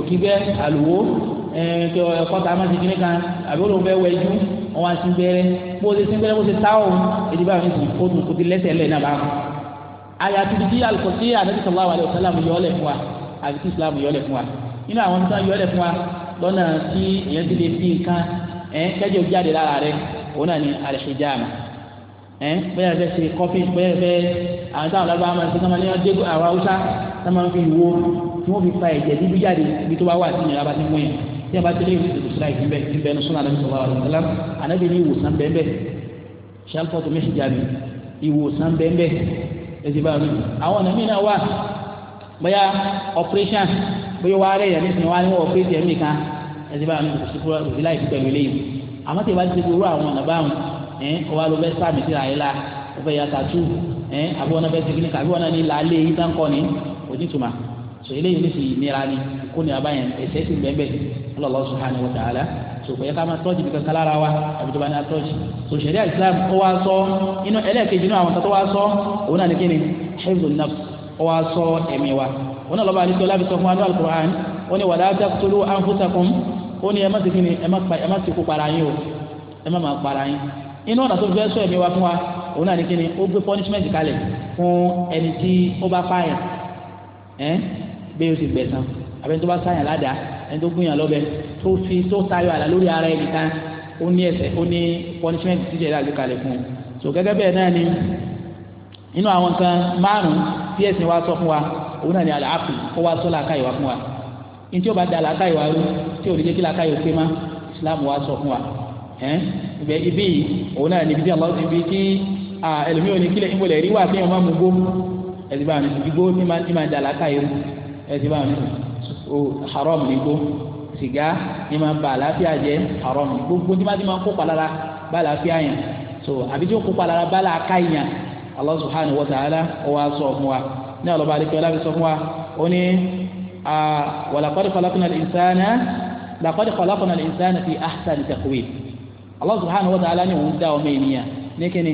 òkì bẹ́ àlùwò ẹ̀ kọ́ta má ti kíní kan àbí olóhùn bẹ́ẹ̀ wẹ̀ ju wọ́n á sin bẹ́rẹ́ bó ti sin bẹ́rẹ́ bó ti táwọ̀ èdè bá mi sìn ó dùn kó ti lẹ́sẹ̀ lẹ̀ náà bá wọn. àyà tuntun tí alukọ̀sí àdébí sallallahu alaihi wasallam yọ̀ọ́lẹ̀ fún wa àbí tí Islam fún wa nínú àwọn tí wọ́n yọ̀ọ́lẹ̀ fún wa lọ́nà tí èèyàn ti lè fi nǹkan ẹ̀ kẹ́jọ jáde lára rẹ̀ òun náà ni alihijama ẹ̀ bẹ́ẹ̀ fẹ́ ṣe kọ́fí bẹ́ẹ̀ fẹ́ àwọn táwọn lábàá máa ń ṣe kí wọ́n máa ń dé àwọn haúsá tí wọ́n máa ń fi wo tí wọ́n fi fa ẹ̀jẹ̀ bíbí jáde ibi tó bá wà sí ìyàrá bá ti mú yẹn tí a bá ti lé ìdòdòsílá ìfúnbẹ́ ìfúnbẹ́ ní sunan anabi sallallahu alayhi wa sallam ní ìwòsàn bẹ́ẹ̀ ṣàlùfọ́tò mẹ́sìjáde ìwòsàn bẹ́ẹ̀ ẹ̀sìn báyìí àwọn ọ̀nà mìíràn wà bóyá operation bóyá wàá rẹ̀ yẹn nísìnyí wàá ní wọ́n operate yẹn mìíràn ẹsẹ bá mi kò sí kúrò òsì láì fi pẹ̀lú eléyìí àmọ́ tí ìbá ti gbowó àwọn ọ̀nà báwọn ẹ̀ ọwọ́ ló fẹ́ sàmì síra yìí la ó fẹ́ ya tàtú ẹ̀ àbí wọn fẹ́ segin kàbí wọn ní làálẹ̀ yìí tán kọ́ ni onítùmá sọ eléyìí ní sì nira ni kó ní abáyẹn ẹsẹ̀ sì bẹ́ẹ̀ bẹ́ẹ̀ Allah subhanahu wa ta'ala so kò ká máa tọ́jú bí kankan lára wa àbí tó bá ní a tọ́jú so sẹ̀ríà Islam ó wá sọ inú ẹlẹ́ẹ̀kejì inú àwọn kan tó wá sọ òun náà ní kíni hifdhun nafs ó wá sọ ẹ̀mí wa òun náà lọ́ba àdìsọ́ láfi fún wa ní Al-Qur'an ó ní wala ó ní ẹ má ti kí ni ẹ má ti kó para yín o ẹ má máa para yín inú ọ̀nà tó fẹ́ sọ ẹ̀mí wa fún wa òun náà ní kí ni ó gbé punishment kalẹ̀ fún ẹni tí ó bá pààyàn ẹ bẹ́ẹ̀ ó ti gbẹ̀san àbẹ́ni tó bá sáyàn ládàá ẹni tó gúnyàn lọ́bẹ tó fi tó tayọ àlà lórí ara ẹni kan ó ní ẹsẹ̀ ó ní punishment tí ìjẹ́lá gbé kalẹ̀ fún un so gẹ́gẹ́ bẹ́ẹ̀ náà ni inú àwọn nǹkan márùn-ún tí ẹ̀sìn wa sọ fún wa òun náà ni àlàáfù ó wá sọ́lá káyọ̀ wá fún wa ní tí ó bá da làákàyè wa rú tí ò ní jẹ́ kí làákàyè pé má islam wa sọ fún wa ẹ̀ ibẹ̀ ibi òun náà níbi tí àwọn ibi tí ẹlòmíì òní kílẹ̀ ìmọ̀lẹ̀ rí wà kéèyàn má mú gbó ẹ̀sìn báwọn ní gbó ní máa da làákàyè rú ẹ̀sìn báwọn ní haram ní gbó sìgá ní máa ba àlàáfíà jẹ́ haram ní gbogbo ní máa ti máa kó palára bá àlàáfíà yẹn so àbí tí ó kó palára bá làákàyè yẹn Allah subhanahu wa ta'ala ó sọ fún wa ní ọlọ́ba àdìpẹ́ ọlá ولقد خلقنا الإنسان لقد خلقنا الإنسان في أحسن تقويم الله سبحانه وتعالى ni òun dá ọmọ ènìyàn ní kíni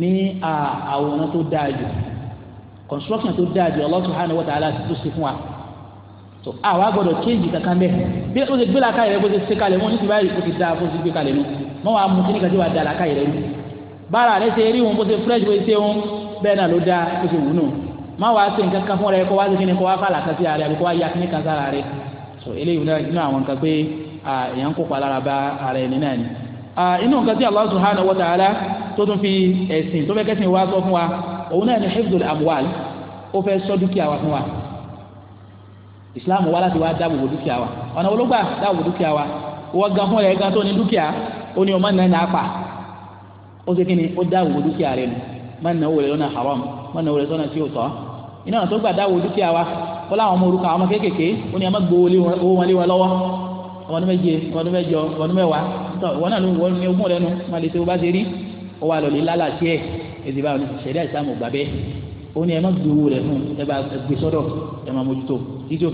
ní àwòrán tó dáa jù construction to dáa Allah subhanahu wa ta'ala tó ṣe fún wa so àwa gbọ́dọ̀ kéèjì kankan bẹ́ẹ̀ bí o ṣe gbé làákà yẹrẹ bó ṣe ṣe kalẹ̀ wọn ní tìbáyì o ti dáa bó ṣe gbé kalẹ̀ nu mọ wàá mú kíní kan tí wàá da làákà yẹrẹ nu bára rẹ ṣe rí wọn bó ṣe fresh bó ṣe ṣe wọn bẹ́ẹ̀ náà ló dáa bó ṣe wù nù má wàá ṣe nǹkan kan fún rẹ kó wá sí kíni kó wá fàlà kan sí ara rẹ àbí kó wá ya kíní kan sára rẹ so eléyìí náà inú àwọn nǹkan pé èèyàn ń kópa bá ara ẹni náà ni. inú nǹkan tí Allah subhanahu wa ta'ala tó tún fi ẹ̀sìn tó fẹ́ kẹ́sìn wá sọ fún wa òun náà ni hifdul amwal ó fẹ́ ṣọ́ dúkìá wa fún wa islam wa láti wá dáàbòbò dúkìá wa ọ̀nà ológbà dáàbòbò dúkìá wa wọ́n gan fún rẹ̀ gan tó ní dúkìá ó ní ọmọ náà ní apà ó sì kí ó dáàbòbò dúkìá rẹ̀ nù má nà ó wọlé lọ́nà haram wọn náwó rẹ̀ sọ́nà tí ò tọ́ iná tó gbà dáwọ́ dúkìá wa ó láwọn ọmọ orúkọ àwọn ọmọ kéékèèké ó ní ẹ má gbowó wọn lé wọn lọ́wọ́ ọmọ ọdún méje ọmọ ọdún mẹ́jọ ọmọ ọdún mẹ́wàá tọ ìwọ náà ló ń wọnú ní ogún rẹ nu má lè ṣe bó bá ṣe rí ó wà lọlé lálà sí ẹ èsì báwọn ṣẹlẹ̀ ìsàmù gbà bẹ ó ní ẹ má gbowó rẹ fún ẹ bá gbé sọ́dọ̀ ẹ má mójútó títí ó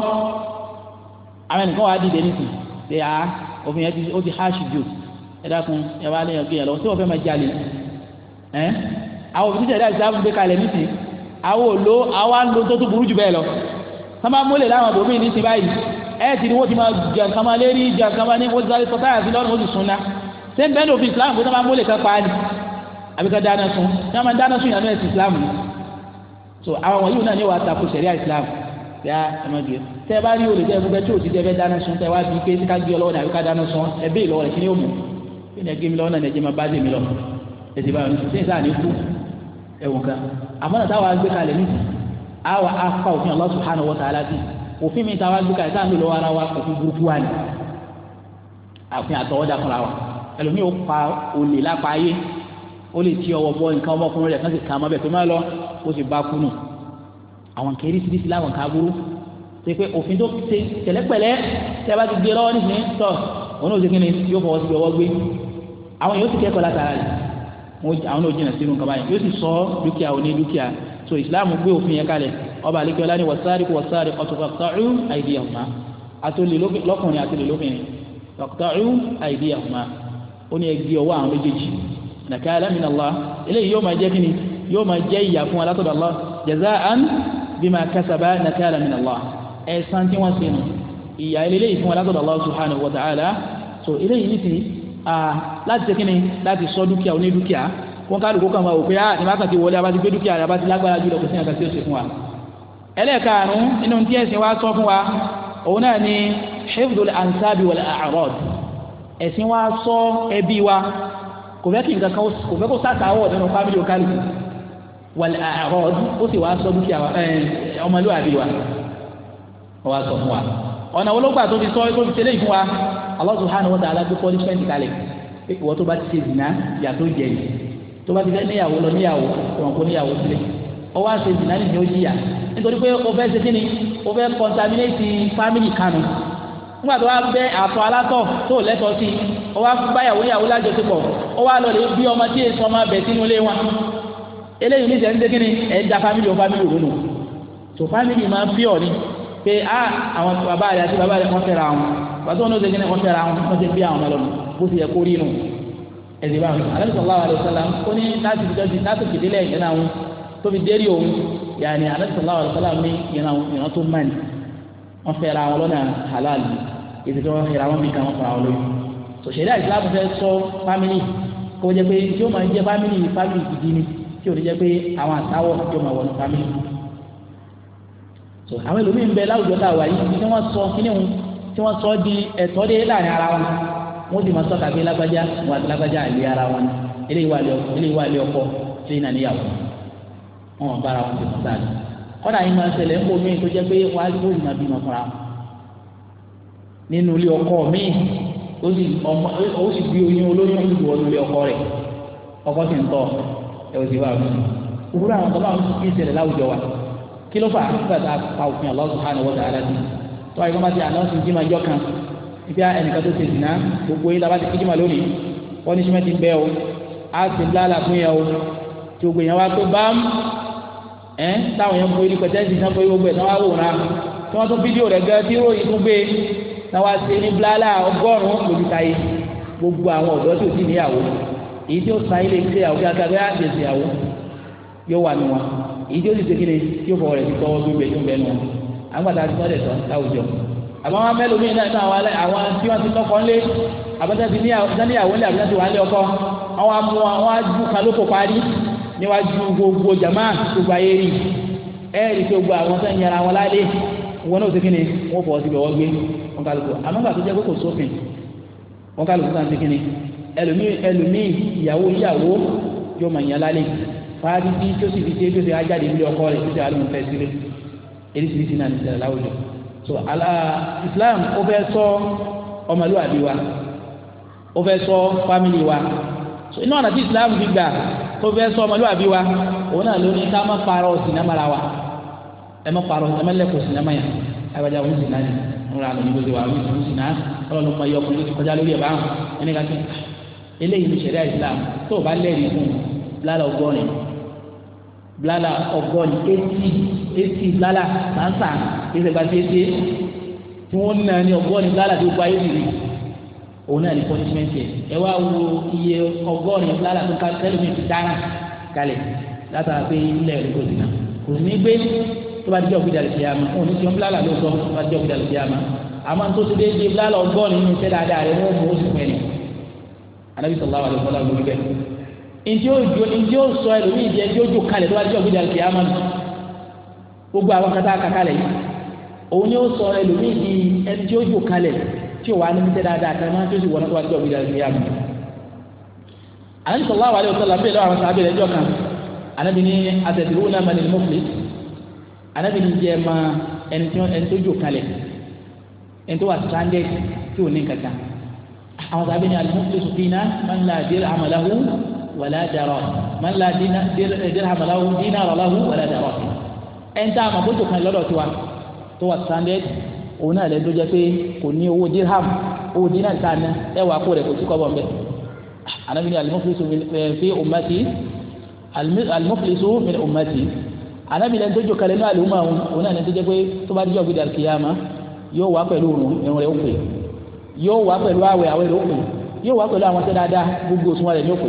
gbá àwọn ẹnìkan wà á dìde nísìn ṣe à ah, òfin yẹn ti ó ti háàṣì jù ẹ dákun ẹ bá lẹ́yìn ọgbìn yẹn lọ sí wọn fẹ́ máa jalè ẹ àwọn òfin títẹ̀ dáìsí àbúgbé kalẹ̀ nísìn àwọn òlò àwa ń lo tó tó burú jù bẹ́ẹ̀ lọ sábà mólè láwọn àbòmí nísìn báyìí ẹ ti ni wọ́n ti máa jàǹkàmá lérí jàǹkàmá ní wọ́n ti sáré sọ táyà sí lọ́rùn wọ́n ti sùn ná sẹ́ńbẹ́ni òfin Islam kó sábà mólè kan pa á ní àbí ká dáná sun ní wọ́n máa dáná sun ìyànú ẹ̀sìn Islam ni so àwọn wọ̀nyí náà ni wọ́n á takò sẹ̀ríà Islam pé á ah, ẹ má gbé tẹ ẹ bá rí olè tẹ ẹ fúnfẹ tí ò ti tẹ ẹ bẹ dáná sun tẹ wá bí pé ká gbé ọlọ́wọ́ dàbí ká dáná sun ẹ bẹ́ẹ̀ lọ́wọ́ rẹ̀ kí ni ó mú kí ni ẹ gé mi lọ́wọ́ náà ẹ jẹ́ máa bá dé mi lọ ẹ ti bá wọn sáà ní kú ẹ̀wọ̀n kan àmọ́ náà táwa gbé kalẹ̀ níbi àwa afa òfin Allah subhanahu wa ta'ala bí òfin mi táwa gbé kalẹ̀ táwọn lọ́wọ́ ara wa òfin burúkú wa ni àfin àtọwọ́dà fúnra wa ẹlòmíì ó pa olè lápá ayé ó lè ti ọwọ́ bọ nǹkan ọmọkùnrin rẹ̀ kán sì kà á mọ́ bẹ́ẹ̀ tó má lọ àwọn nǹkan eréṣiríṣi láwọn nǹkan aburú ṣe pé òfin tó ṣe tẹ̀lẹ́pẹ̀lẹ́ tẹ́ bá ti gbé lọ́wọ́ nísìnyí tọ̀ òun náà ṣe kí ni yóò fọwọ́ sí ọwọ́ gbé àwọn yóò ti kẹ́kọ̀ọ́ látara rẹ̀ àwọn náà jìnnà sínú nǹkan báyìí yóò sì sọ dúkìá òní dúkìá so ìsìláàmù gbé òfin yẹn kalẹ̀ ọba àlekíọ́lá ni wasariqu wasariqatu faqta'u aydiyahuma àtòlè lọ́kùnrin àtòlè lóbìnrin faqta'u aydiyahuma ó ní ẹgbí ọwọ́ àwọn méjèèjì nàkàlà min Allah eléyìí yóò máa jẹ́ kíni yóò máa jẹ́ ìyà fún alátọ̀dọ̀ Allah jaza'an bima kasaba nakala min Allah ẹ̀san tí wọ́n ṣe nù ìyà eléyìí fún Allah subhanahu wa ta'ala so eléyìí ní sìn láti ṣe kíni láti sọ dúkìá oní dúkìá wọn ká lùkọ́ kan wá òpé ah nígbà kan ti wọlé abá ti gbé dúkìá rẹ̀ abá ti lágbára jùlọ kò sí àgbà tí ó ṣe fún wa ẹlẹ́ẹ̀karùn-ún nínú tí ẹ̀sìn wa sọ fún wa òun náà ni hifdul ansabi wal a'rad ẹ̀sìn wa sọ ẹbí wa kò fẹ́ kí nǹkan kan kò fẹ́ kó sàtàwọ̀ nínú fámìlì òkàlùkù wàlẹ àrọ ó sì wàá sọ dúkìá eh, ọmọlúwàbí wa ó wàá sọ fún wa ọ̀nà wo ló gbà tó fi sọ tó fi tẹ́lẹ̀ ìfún wa Allah subhanahu wa ta'ala gbé punishment kalẹ̀ pé ìwọ tó bá ti ṣe zina ìyà tó jẹ yìí tó bá ti fẹ́ níyàwó lọ níyàwó ọmọ kó níyàwó sílẹ̀ ó wá ṣe zina nìyẹn ó jìyà nítorí pé o fẹ́ ṣe kí ni o fẹ́ contaminate family kanu nígbà tó wá bẹ àtọ̀ alátọ̀ tó lẹ́tọ̀ọ́ sí ó wá báyàwó níyàwó lájọṣepọ̀ ó wá lọ lè bí ọmọ tí èso ọmọ bẹ̀ sínú ilé wọn eléyìí ní sẹ́ni dégínì ẹ̀ ń da fámìlì ọ̀ fámìlì òun nù tó fámìlì máa ń píọ̀ ni pé a ah, àwọn bàbá rẹ̀ àti bàbá rẹ̀ wọ́n fẹ́ra wọn pàtó wọn ló dégínì wọ́n fẹ́ra wọn wọ́n ti bí àwọn ọmọ lọ́nu bó ti yẹ kó rí nù ẹ̀sìn báwọn alẹ́ sọ̀rọ̀ àwọn àlẹ́ sọ̀rọ̀ ó ní láti fi jọ́sìn láti fìdílé ìyẹn náà wọn tó fi dérí òun yàní alẹ́ sọ̀rọ̀ àwọn àlẹ́ sọ̀rọ̀ ní ìyẹn náà tó mọ̀ ní wọ́n fẹ́ra wọn lọ́nà halal ètò tí wọ́n fẹ́ra wọn bí kan wọ́n fẹ́ra wọn lóyún sòṣèlú àìsílámù fẹ́ sọ fámìlì kó jẹ́ pé tí ó máa jẹ́ fámìlì fámìlì gidi ni tí o ní jẹ́ pé àwọn àtàwọ̀ yóò máa wọnú family so àwọn ẹlòmíín bẹ láwùjọ tá a wà yìí tí wọ́n sọ kíní wọn tí wọ́n sọ di ẹ̀tọ́ dé láàrin ara wọn wọ́n sì máa sọ kàgbé lágbájá wọn àti lágbájá àlè ara wọn eléyìí wà lé ọkọ eléyìí wà lé ọkọ eléyìí náà níyàwó wọn wọn bára wọn ti sọ sáà kọ́dà yìí máa ṣẹlẹ̀ ńkọ míì tó jẹ́ pé wọ́n á gbóyìn máa bímọ fúnra nínú ilé ọkọ míì ó sì bí oyún olóyún ìlú ọdún ilé ọkọ rẹ̀ ọkọ sì ń tọ́ ọ ẹ ò sì wá àbúrò òwúrò àwọn bàbá àwọn kì í ṣẹlẹ̀ láwùjọ wa kí ló fà á nígbà tá a pa òfin Allah subhanahu wa ta'ala sí tó àyíká bá ti ànáwọ́sì jimá jọ kan ibi ẹnìkan tó ṣe ìsìná gbogbo yín labá ti kí jimá lónìí wọ́n ní sẹ́mẹ́ntì ń o á sì ń lálà fún yẹn o tí gbogbo yẹn wá pé bám ẹ táwọn yẹn forí pẹ̀tẹ́sì náà forí gbogbo ẹ̀ náà wá wòran tí wọ́n tún fídíò rẹ̀ gẹ́gẹ́ tí ròyìn tún gbé náà wá sí ní blálà ọgọ́rùn-ún lójútayé gbogbo àwọn ọ̀dọ́ tó ti èyí tí ó sa ilé ilé àwọn kí agbára yá gbèsè àwọn yóò wà nù wọn èyí tí ó sì ṣe kíni yóò fọwọ́ rẹ̀ ti tọwọ́ gbé bẹ́ẹ̀ tó bẹ́ẹ̀ nù wọn àgbàdo àti sọ́dẹ̀ tán láwùjọ. àmọ́ wọn mẹ́lòó mi náà àwọn àwọn tí wọ́n ti tọkọ ńlé àbọ̀tán ti níyàwó ńlé àbọ̀tán ti wà ńlé ọkọ wọn wá mú wọn wá ju kálókò parí níwájú gbogbo jama gbogbo ayé rí ẹ rí i pé gbogbo àwọn tó ń yàrá wọn lálé wọn náà ó ti kíni wọn fọwọ́ síbi ọwọ́ gbé wọn kálukú àmọ́ gbà tó jẹ́ pé kò sófin wọn kálukú ẹlòmíì ẹlòmíì ìyàwó ìyàwó yóò máa yan lálẹ́ fáájú tí tó sì fi ṣe tó sì á jáde nílé ọkọ rẹ̀ tó sì á lóun fẹ́ sílé eréṣiríṣi náà ní ìṣẹ̀lẹ̀ láwùjọ so ala Islam ó fẹ́ sọ ọmọlúwàbí wa ó fẹ́ sọ fámìlì wa so iná ọ̀nà tí Islam fi gbà tó fẹ́ sọ ọmọlúwàbí wa òun náà ló ní ká má parọ́ sinamara wa ẹ má parọ́ ẹ má lẹ́kọ̀ọ́ sinamaya abajà òun sinani òun rà lóyún gbèsè wa òun sinani ọlọ́run mọ iye ọkùnrin tó kọjá lórí ẹ̀ báwọn ẹni ká kí n eléyìí ní sẹ̀ríà islam tó o bá lẹ́rìí fún blala ọgọ́rin blala ọgọ́rin etí etí blala sáńsà ìṣègbà tí etí tí wọ́n nà ní ọgọ́rin blala tó gba ayé nìyí òun náà ní punishment yẹ ẹ wá wo iye ọgọ́rin blala tó ká tẹ́lẹ̀mí ti dáná kalẹ̀ látara pé ilé ẹ̀rí kò dìnnà kò ní gbé tó bá dijọ́ gbìdàlẹ̀ fi àmà òun ní tí wọ́n blala ló sọ tó bá dijọ́ gbìdàlẹ̀ fi àmà àmọ́ tó ti dé di blala ọgọ́rin ní sẹ́dáadáa rẹ̀ wọ́n mú oṣù mẹ́rin anabi sallallahu alayhi wa sallam lórí bẹ́ẹ̀ njẹ́ o jo njẹ́ o sọ ẹlòmíì jẹ́ njẹ́ o jo kalẹ̀ tó bá jẹ́ ògbéjà kìí ama nù gbogbo àwọn kata kakalẹ̀ yìí òun ni o sọ ẹlòmíì di ẹni tí o jo kalẹ̀ tí o wà ní mísẹ́ dáadáa kan máa ń tó sì wọ́n tó bá jẹ́ ògbéjà kìí ama nù. anabi sallallahu alayhi wa sallam bẹ́ẹ̀ lọ́wọ́ àwọn sábẹ́ rẹ̀ jọ kan anabi ni atẹ̀síwò náà mani mọ́fìlì anabi ni jẹ́ ma ẹni tó jo kalẹ̀ ẹni wà stranded tí o ní kankan àwọn sábẹ́ ni al-muflisu fina man la dirham lahu wala darar man la dirham lahu dinar lahu wala darar ẹni tá a mọ̀ bójú kan lọ́dọ̀ tiwa tó wà standard òun náà lẹ́nu tó jẹ́ pé kò ní owó dirham owó dinar tá ná ẹ wàá kó rẹ̀ kó tí kọ́ bọ̀ mbẹ́ anabi ni al-muflisu fi ummati al min ummati anabi lẹ́nu tó jọ kalẹ̀ ní àlùmọ́ àwọn òun náà lẹ́nu tó jẹ́ pé tó bá dijọ́ gbé dàrú kìyàmá yóò wá pẹ̀lú òun ẹ̀rùn rẹ̀ ó pè é yóò wá pẹ̀lú àwẹ̀ àwẹ̀ rẹ̀ ó pè yóò wá pẹ̀lú àwọn tẹ́ dáadáa gbogbo òṣùwọ̀n rẹ̀ ni ó pè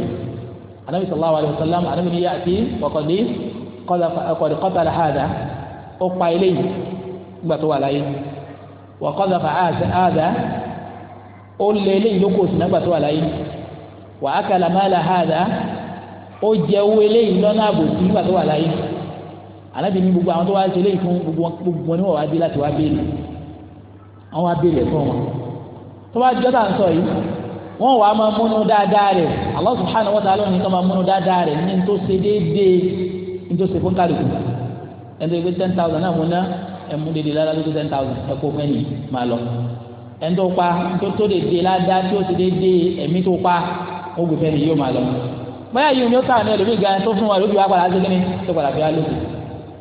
anabi sallallahu alayhi wa sallam anabi ni yaati kọkọdi kọdi kọtala haada ó pa eléyìí nígbà tó wà láyé wà haada ó lé eléyìí lóko sí nígbà tó wà láyé wà ákàlà haada ó jẹ owó eléyìí lọ́nà àbòsí nígbà tó wà anabi ni gbogbo àwọn tó wà á ṣe eléyìí fún gbogbo wọn ni wọn wà á di láti wá béèrè àwọn wá béèrè fún wọn tó bá jọ́tà ń sọ yìí wọ́n wàá máa múnú dáadáa rẹ̀ Allah subhanahu wa ta'ala ní ká máa múnú dáadáa rẹ̀ ní tó ṣe déédéé ní se ṣe fún kálukú ẹni tó gbé ten thousand náà múná ẹmu dédé ládàá tó tó ten thousand ẹkọ mẹ́rin máa lọ ẹni tó pa tó tó dédé ládàá tó ṣe déédéé ẹ̀mí tó pa ó gbé fẹ́ni yóò máa lọ báyà yìí ni ó sàánú ẹlòmíì gan tó fún wa lóbi wa padà á ségbéni tó padà fi wá lóbi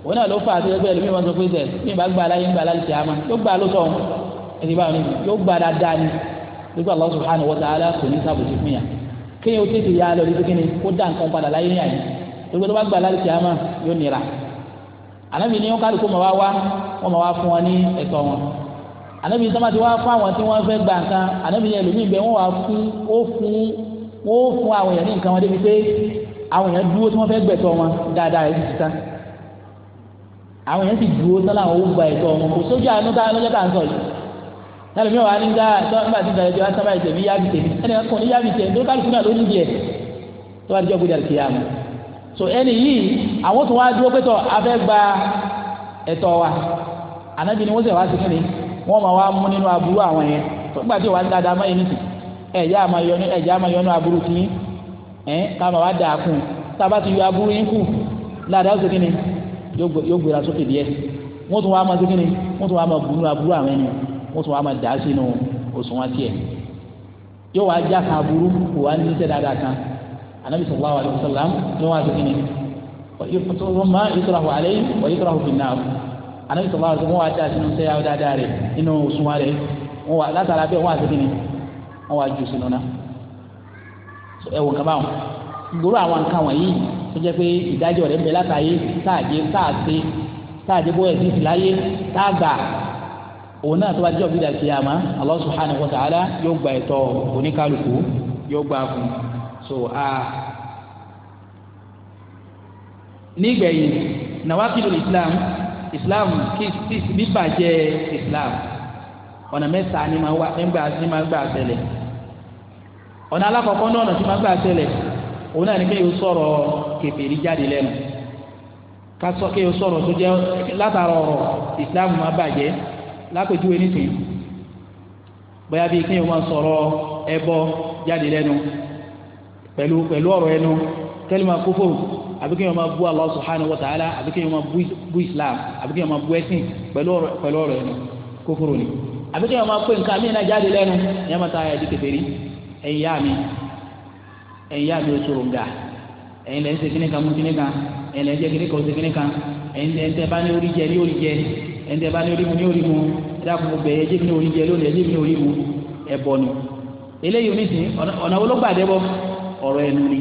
òun náà ló fà á sí ẹgbẹ́ ẹlòmíì wọn sọ pé tẹ̀ mí bá ẹni bá mi yóò gba dáadáa ni nígbà Allah subhanahu wa ta'ala kò ní sábòtì fún yà kéèyàn ó tètè yá lọ ibi kíni kó dá nǹkan padà láyé ní àyè gbogbo tó bá gba láti kíámà yóò nira ànábì ni wọn kálukú ma wá wá wọn ma wá fún wọn ní ẹ̀tọ́ wọn ànábì sábà ti wá fún àwọn tí wọn fẹ́ gba nǹkan ànábì yẹn lómi bẹ wọn wá fún ó fún wọn ó fún àwọn èèyàn ní nǹkan wọn débi pé àwọn èèyàn dúró tí wọn fẹ́ gbẹ̀tọ́ wọn dáadáa rẹ ti ti tán àwọn èèyàn sì dúró sọlá àwọn ó gba ẹ̀tọ́ wọn kò sójú àánú tá a lọ́jọ́ tá a ń sọ yìí tẹ́lẹ̀ mi wa ní gbà tó ń da ti bẹ̀rẹ̀ jọ wá sábà ìtẹ̀mí yá mi tẹ̀mí ẹnì kan ní yá mi tẹ̀mí tó kálukú náà ló ní bìẹ̀ tó bá ti jọ́ gbéra kìí so ẹni yìí àwọn tó wá dúró pé tọ́ afẹ́ gba ẹ̀tọ́ wa ànábi ni wọ́n sẹ̀ wá sí kí ni wọ́n máa wá mú nínú aburú àwọn yẹn tó gbà tí wà ń dáadáa máa yẹn nìsí ẹ̀já máa yọ ní ẹ̀já máa yọ ní aburú kí ẹ̀ ká máa wá dà á kún tába ti yọ aburú yín kù ládàá ó sì kí ni yóò gbéra sókè díẹ̀ wọ́n tún wá máa sí kí ni wọ́n tún wá máa wọ́n tún wá máa dà á sínú òṣùwọ̀n tiẹ̀ yóò wá já kan aburú kò wá ní sẹ́ dáadáa kan anabi sallallahu alayhi wa sallam ló wá sókè ni ma ìtúrahu alẹ́ wà ìtúrahu fi náà anabi sallallahu alayhi wa sallam wọ́n wá dá sínú sẹ́ yàrá dáadáa rẹ̀ nínú òṣùwọ̀n rẹ̀ wọ́n wá látara bẹ́ẹ̀ wọ́n wá sókè ni wọ́n wá ju sínú náà ẹ̀wọ̀n kaba wọn gbòòrò àwọn nǹkan wọ̀nyí tó jẹ́ pé ìdájọ́ rẹ̀ ń bẹ látàyè táàjẹ́ táàṣe táàjẹ́ bóyá ìsìn òun náà tó bá jẹ́ òbí dàkí àmá Allah subhanahu wa ta'ala yóò gba ẹ̀tọ́ oníkálukú yóò gba fún so a nígbẹ̀yìn nàwákìlú islam islam kìí bíbàjẹ́ islam ọ̀nà mẹ́ta ni máa wá nígbà tí máa gbà ṣẹlẹ̀ ọ̀nà alákọ̀ọ́kọ́ náà ọ̀nà tí máa gbà ṣẹlẹ̀ òun náà ni kéèyàn sọ̀rọ̀ kèfèrí jáde lẹ́nu ká sọ kéèyàn sọ̀rọ̀ tó jẹ́ látara ọ̀rọ̀ islam máa bàjẹ́ lápèjúwe nísìnyí bóyá bíi kéèyàn máa sọ̀rọ̀ ẹbọ jáde lẹ́nu pẹ̀lú pẹ̀lú ọ̀rọ̀ ẹnu kẹ́lí máa kófò àbí kéèyàn máa bú Allah subhanahu wa ta'ala àbí kéèyàn máa bú Islam àbí kéèyàn máa bú ẹ̀sìn pẹ̀lú ọ̀rọ̀ ẹnu kófòrò ni àbí kéèyàn máa pé nǹkan mí iná jáde lẹ́nu ìyá máa ta ayé di kèfèrí ẹ̀yin yá mi ẹ̀yin yá mi ò sòrò nga ẹ̀yin lẹ́yìn ṣe kíní kan mú kíní kan ẹ̀yin lẹ́yìn ṣe kíní kan ó ṣe kíní kan ẹ̀yin tẹ́ bá ní orí jẹ ní orí jẹ ẹ̀yin tẹ́ bá ní orí mu ní orí mu dákun mo bẹ̀rẹ̀ ẹjẹ́ mi ò rí jẹ lónìí ẹjẹ́ mi ò rí mu ẹ̀bọ nù eléyìí oníṣìí ọ̀nà wo ló gbà dẹ́bọ ọ̀rọ̀ ẹnu ni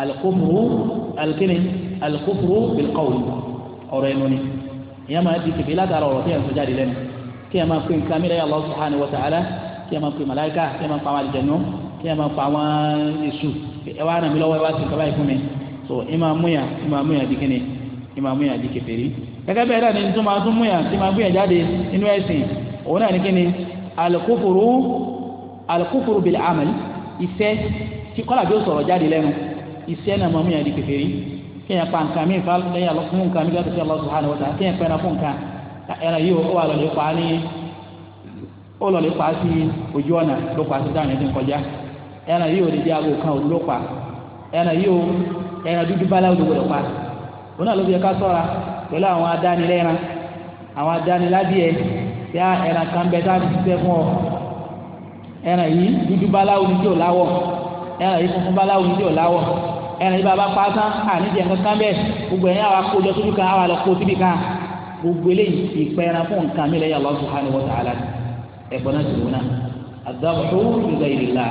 alikófuru alikini alikófuru bilkọ́wù ọ̀rọ̀ ẹnu ni ìyá máa di kìfì látara ọ̀rọ̀ tí yẹn sọjá di lẹ́nu kí yẹn máa pè nǹkan mi lẹ́yìn Allah subhanahu wa ta'ala kí yẹn máa pè màláìka kí yẹn máa pa àwọn àlìjẹnu kí yẹn máa pa àwọn èṣù ẹ wá lọ́wọ́ ẹ wá sí nǹkan so ìmàmúyà ìmàmúyà di ìmàmúyà di gẹ́gẹ́ bẹ́ẹ̀ náà ni tó máa tún múyàn tí máa gbìyànjú jáde nínú ẹ̀sìn òun náà ni kí ni alukufuru alukufuru bil amal ìfẹ́ tí bí ó sọ̀rọ̀ jáde lẹ́nu ìfẹ́ náà máa di kèfèrí kéèyàn pa nǹkan mi fa lẹ́yìn alọ́ nǹkan mi sí Allah subhanahu wa kéèyàn pẹ́ẹ́nà fún nǹkan ẹ̀rọ yìí ó wà lọ́lẹ́ pa sí ojú ọ̀nà ló pa sí dáhùn ẹ̀dín kọjá pẹ̀lú àwọn adánilẹ́ran àwọn adániládìẹ tí a ẹran kan bẹ tá a ti ṣiṣẹ́ fún ọ ẹran yìí dúdú báláwo ni tí ò láwọ̀ ẹran yìí funfun báláwo ni tí ò láwọ̀ ẹran yìí bàbá pátán àníjẹ nǹkan kan bẹ́ẹ̀ gbogbo ẹ̀yìn àwa kó lọ síbi kan àwa lọ kó síbi kan gbogbo eléyìí ìpẹ́ ẹran fún nǹkan mi lẹ́yìn Allah subhanahu wa ta'ala ẹ̀gbọ́n náà ti wù náà àdàbọ̀ ìgbà ìrìlá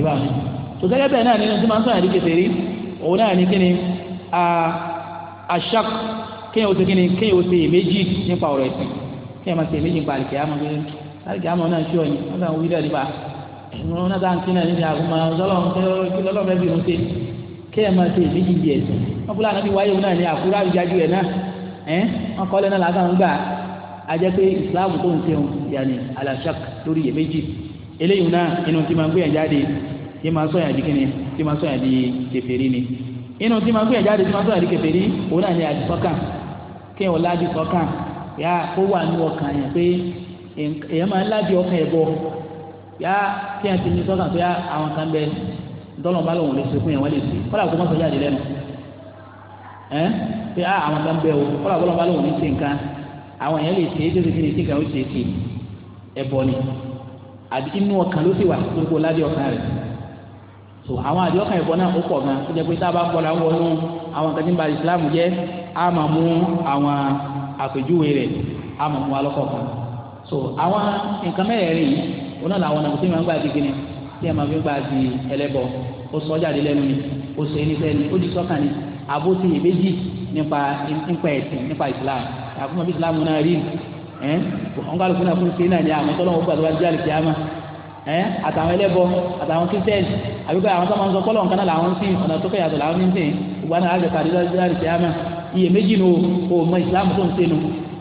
ní ọ̀tọ̀ sí tó gẹ́gẹ́ bẹ́ẹ̀ náà nínú tí máa ń sọ̀rọ̀ àdìgbèsè rí òun náà ní kíni àṣàk kéèyàn ó ṣe kíni kéèyàn ó ṣe èméjì nípa ọ̀rọ̀ ẹ̀sìn kéèyàn máa ṣe èméjì nípa àlìkè àmọ́ pé àlìkè àmọ́ náà ṣú ọ̀yìn wọ́n sàn wí dẹ̀ nípa ẹ̀sìn wọn náà dáhùn sí náà níbi àgùnmọ̀ ọlọ́run kéèyàn máa ṣe èméjì bí ẹ̀sìn wọn fúlàní àti wáyé òun náà ní àkúrà ìjájú ẹ̀ náà ẹ̀ wọn kọ́ lẹ́nà làákàn gbà ajẹ́ pé islam tó èméjì tí máa sọ yàn di kíni tí máa sọ yàn di kèfèrí ni inú tí máa gbé ẹ̀jáde tí máa sọ yàn di kèfèrí òun náà ni àdìsọ́kàn kéèyàn ládìí sọ́kàn yá ó wà ní ọkàn yẹn pé èèyàn máa ń ládìí ọkàn ẹ̀ bọ̀ yá kéèyàn ti ní sọ́kàn pé àwọn kan bẹ dọ́lọ̀ bá lòun lè ṣe fún yẹn wọ́n lè ṣe kọ́lá kó má sọ jáde lẹ́nu ẹ́ pé àwọn kan bẹ o kọ́lá bọ́lọ̀ bá lòun ní ṣe nǹkan àwọn yẹn lè ṣe é tètè kíni kíkan ó ṣe é ni àbí inú ọkàn ló sì wà gbogbo ládìí ọkàn rẹ̀ so àwọn àdìọ́kàn ẹ̀kọ́ náà ó pọ̀ gan ó jẹ́ pé tá a bá kọ́ra ń wọnú àwọn kan tí ń ba Islam jẹ́ á máa mú àwọn àpèjúwe rẹ̀ á máa mú alọ́kọ̀ọ̀kan so àwọn nǹkan mẹ́rẹ̀ẹ̀rin yìí wọn náà làwọn ọ̀nà tí wọ́n gbà di kíni tí wọ́n máa fi gbà di ẹlẹ́bọ ó sọ jáde lẹ́nu ni ó sọ ẹni ó di sọ́kàn ni àbó ti yè méjì nípa nípa ẹ̀sìn nípa Islam àkúmọ̀ bí Islam náà rí ẹ̀ ọ̀ngálùkù náà fún sí náà ní àwọn tọ́lọ́wọ́ gbàdúrà jáde kìá máa ẹ àtàwọn ẹlẹ́bọ àtàwọn kírísítẹ́nì àbíkọ́ àwọn sọ́mọ́ sọ kọ́lọ̀ nǹkan náà làwọn ń sìn ọ̀nà tó kẹ́yàtọ̀ làwọn ń sìn ìgbà náà àgbẹ̀ pàdé lọ́dún láti àmà iye méjì nu o mọ ìsìlámù tó ń sẹnu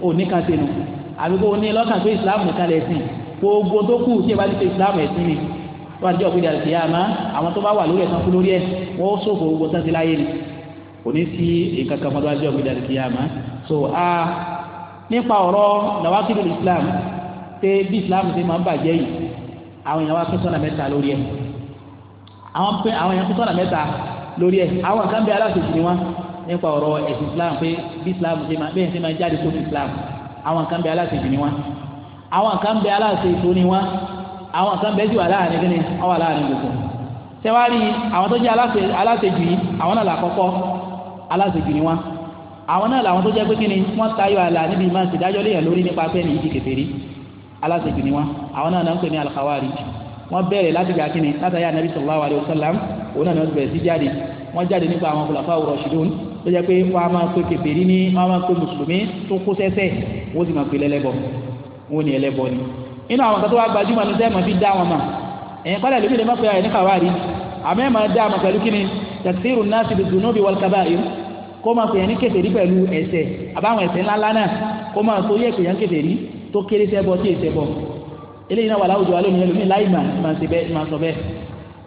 o nìkan sẹnu àbíkọ́ o ní lọ́kàn pé ìsìlámù nìkan lẹ̀ sìn gbogbo tó kù tí ẹ bá ti ṣe ìsìlámù ẹ̀sìn ni wọ́n àti ọ̀gbìn àti àmà àwọn so a nípa ọ̀rọ̀ nàwákìlì Islam pé bí Islam ti máa ń bàjẹ́ àwọn èèyàn wá pín sọ́nà mẹ́ta lórí ẹ̀ àwọn pín àwọn èèyàn pín sọ́nà mẹ́ta lórí ẹ̀ àwọn nǹkan bí aláṣẹjì ni wọn nípa ọ̀rọ̀ ẹ̀sìn islam pé bí islam ṣe máa bẹ́ẹ̀ ṣe máa jáde tó fi islam àwọn nǹkan bí aláṣẹjì ni wọn àwọn nǹkan bí aláṣẹ ètò ni wọn àwọn nǹkan bẹ́ẹ̀ sì wà láàrin kí ni wọ́n wà láàrin gbogbo tẹ́wárí àwọn tó jẹ́ aláṣẹjù àwọn náà làkọ́kọ́ aláṣẹjù ni wọn àwọn náà làwọn tó jẹ́ pé kí ni wọ́n tayọ àlà níbi ìmọ̀ ìṣèdájọ́ léèyàn aláṣejù ni wọn àwọn náà ń pè ní alkhawari wọn bẹ̀rẹ̀ láti gba kíni látàyà anabi sallallahu alayhi wa sallam òun náà ni wọn bẹ̀rẹ̀ sí jáde wọn jáde nípa àwọn kulafa rashidun tó jẹ́ pé wọn a máa pe kèfèrí ní wọn a máa pe mùsùlùmí tó kó sẹ́ṣẹ̀ wọn ó sì máa pe lẹ́lẹ́bọ wọn ò ní ẹlẹ́bọ ni inú àwọn kan tó wá gbajúmọ̀ ní sẹ́ẹ̀ máa fi dá wọn mà ẹ̀yìn kọ́lẹ̀ lómi lè má pe àyẹ̀ tó kéré sẹ́bọ tí èsẹ̀ bọ̀ eléyìí náà wà láwùjọ wa lónìí ẹlòmíì láì mà mà ṣe bẹ́ẹ̀ mà sọ bẹ́ẹ̀